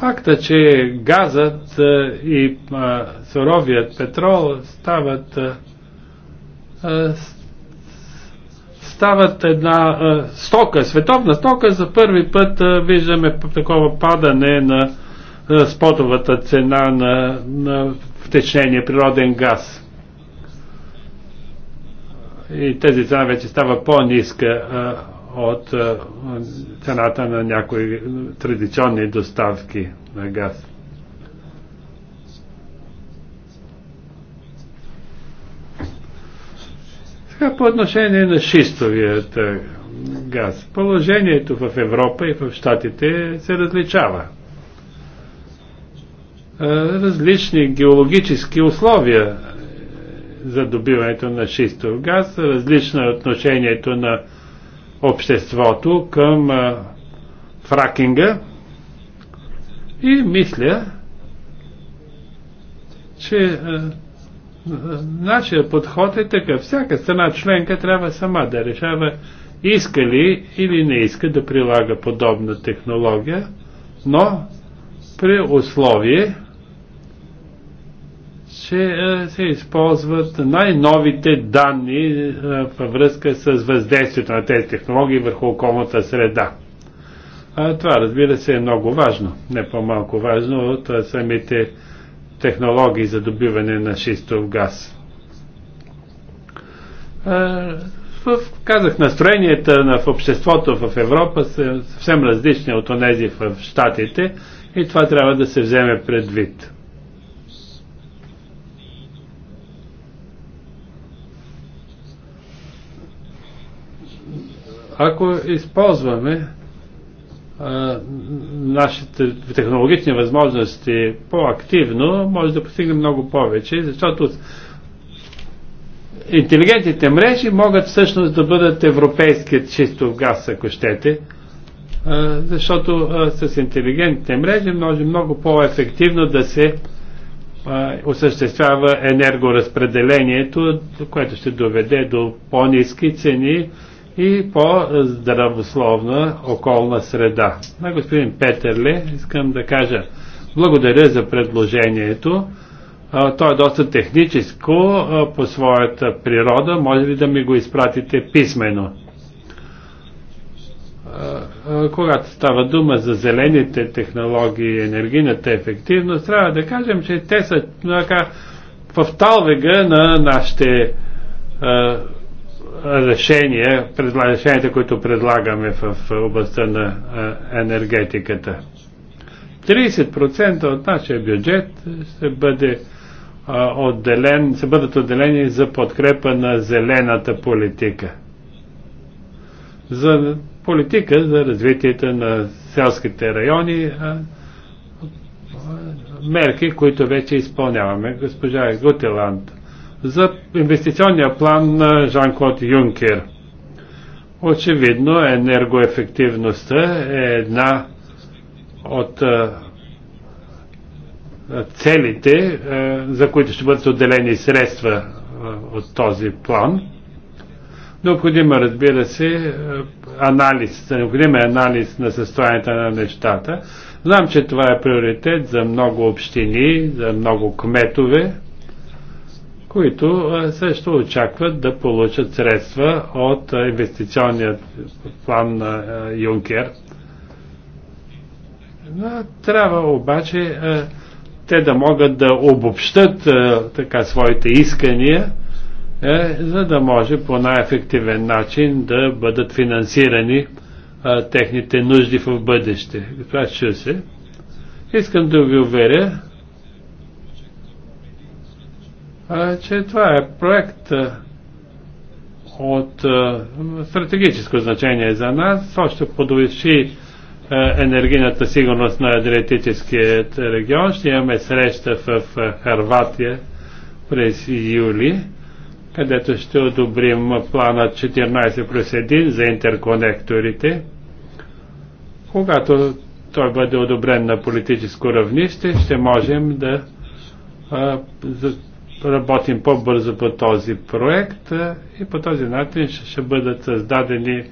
факта, че газът и суровият петрол стават стават една стока, световна стока, за първи път виждаме такова падане на е, спотовата цена на, на втечнение природен газ. И тази цена вече става по-ниска е, от а, е, цената на някои традиционни доставки на газ. Сега по отношение на шистовият газ. Положението в Европа и в Штатите се различава. Е, различни геологически условия за добиването на шистов газ, различно е отношението на обществото към е, фракинга и мисля, че е, нашия подход е такъв. Всяка страна членка трябва сама да решава иска ли или не иска да прилага подобна технология, но при условие, че е, се използват най-новите данни е, във връзка с въздействието на тези технологии върху околната среда. Това, разбира се, е много важно, не по-малко важно от е, самите технологии за добиване на шистов газ. В, казах, настроенията на, в обществото в Европа са съвсем различни от онези в Штатите и това трябва да се вземе предвид. Ако използваме а, нашите технологични възможности по-активно, може да постигнем много повече, защото интелигентните мрежи могат всъщност да бъдат европейският чистов газ, ако щете, а, защото а, с интелигентните мрежи може много по-ефективно да се осъществява енергоразпределението, което ще доведе до по-низки цени, и по-здравословна околна среда. На господин Петерле, искам да кажа благодаря за предложението. То е доста техническо по своята природа. Може ли да ми го изпратите писменно? Когато става дума за зелените технологии и енергийната ефективност, трябва да кажем, че те са така, в талвега на нашите решения, решенията, които предлагаме в областта на енергетиката. 30% от нашия бюджет ще бъде отделен, ще бъдат отделени за подкрепа на зелената политика. За политика за развитието на селските райони, мерки, които вече изпълняваме. Госпожа Гутиланд за инвестиционния план на Жан-Клод Юнкер. Очевидно, енергоефективността е една от целите, за които ще бъдат отделени средства от този план. Необходимо, разбира се, анализ, необходим е анализ на състоянието на нещата. Знам, че това е приоритет за много общини, за много кметове, които също очакват да получат средства от инвестиционният план на Юнкер. Но трябва обаче те да могат да обобщат така своите искания, е, за да може по най-ефективен начин да бъдат финансирани техните нужди в бъдеще. Това ще се. Искам да ви уверя, че това е проект от стратегическо значение за нас. Още подвиши енергийната сигурност на Адриатическият регион. Ще имаме среща в Харватия през юли, където ще одобрим плана 14 плюс 1 за интерконекторите. Когато той бъде одобрен на политическо равнище, ще можем да а, работим по-бързо по този проект и по този начин ще бъдат създадени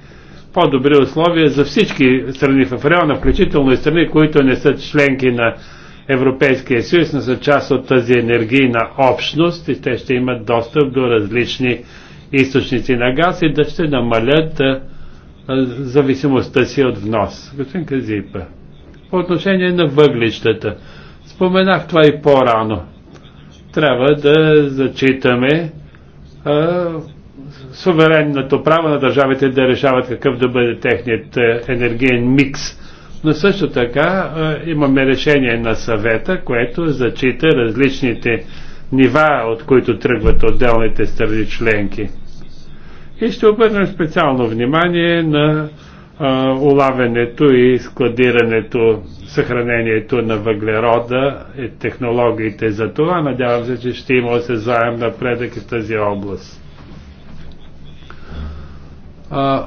по-добри условия за всички страни в района, включително и страни, които не са членки на Европейския съюз, но са част от тази енергийна общност и те ще имат достъп до различни източници на газ и да ще намалят зависимостта си от внос. Господин Казипа, по отношение на въглищата, споменах това и по-рано трябва да зачитаме а, суверенното право на държавите да решават какъв да бъде техният е, енергиен микс. Но също така а, имаме решение на съвета, което зачита различните нива, от които тръгват отделните страни членки. И ще обърнем специално внимание на улавянето и складирането, съхранението на въглерода и е технологиите за това. Надявам се, че ще има заем напредък в тази област. А,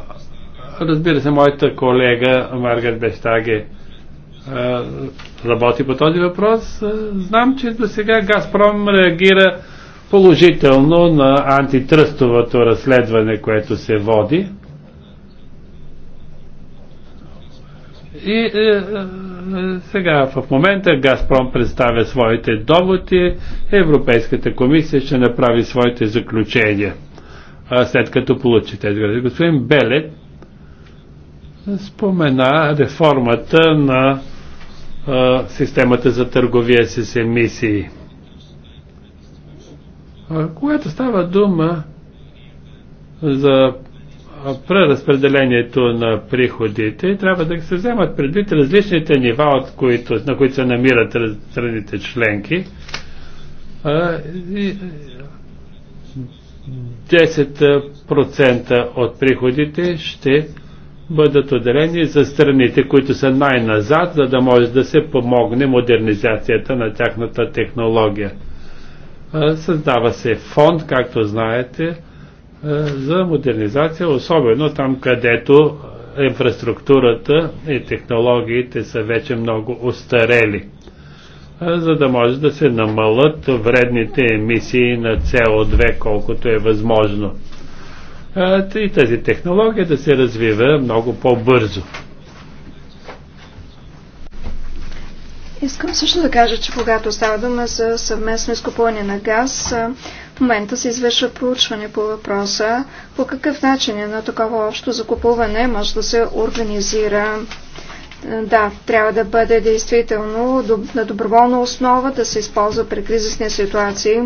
разбира се, моята колега Маргарет Бештаге работи по този въпрос. Знам, че до сега Газпром реагира положително на антитръстовото разследване, което се води И е, е, е, сега в момента Газпром представя своите доводи, Европейската комисия ще направи своите заключения, след като получи тези. Господин Белет спомена реформата на е, системата за търговия с емисии. Когато става дума за преразпределението на приходите трябва да се вземат предвид различните нива, от които, на които се намират страните членки. 10% от приходите ще бъдат отделени за страните, които са най-назад, за да може да се помогне модернизацията на тяхната технология. Създава се фонд, както знаете, е, за модернизация, особено там, където е, инфраструктурата и технологиите са вече много устарели, е, за да може да се намалят вредните емисии на CO2, колкото е възможно. И тази технология да се развива много по-бързо. Искам също да кажа, че когато става дума за съвместно изкупуване на газ, в момента се извършва проучване по въпроса по какъв начин е на такова общо закупуване може да се организира. Да, трябва да бъде действително на доброволна основа да се използва при кризисни ситуации.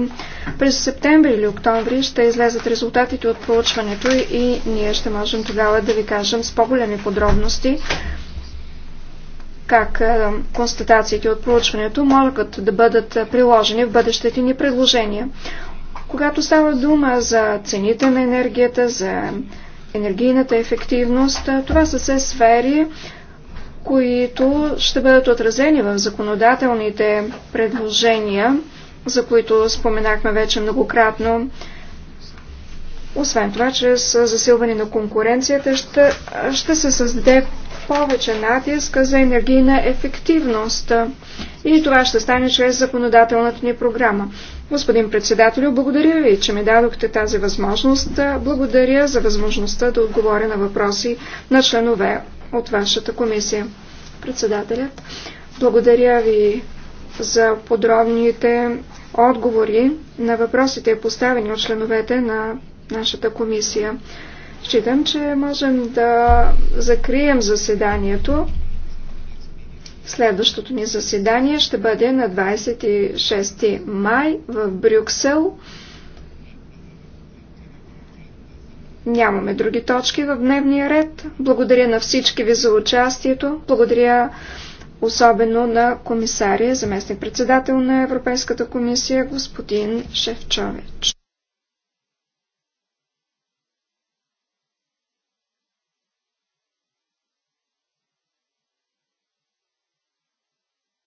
През септември или октомври ще излезат резултатите от проучването и ние ще можем тогава да ви кажем с по-големи подробности как констатациите от проучването могат да бъдат приложени в бъдещите ни предложения. Когато става дума за цените на енергията, за енергийната ефективност, това са все сфери, които ще бъдат отразени в законодателните предложения, за които споменахме вече многократно. Освен това, чрез засилване на конкуренцията ще, ще се създаде повече натиск за енергийна ефективност. И това ще стане чрез законодателната ни програма. Господин председателю, благодаря ви, че ми дадохте тази възможност. Благодаря за възможността да отговоря на въпроси на членове от вашата комисия. Председателят, благодаря ви за подробните отговори на въпросите, поставени от членовете на нашата комисия. Считам, че можем да закрием заседанието. Следващото ни заседание ще бъде на 26 май в Брюксел. Нямаме други точки в дневния ред. Благодаря на всички ви за участието. Благодаря особено на комисария, заместник-председател на Европейската комисия, господин Шевчович.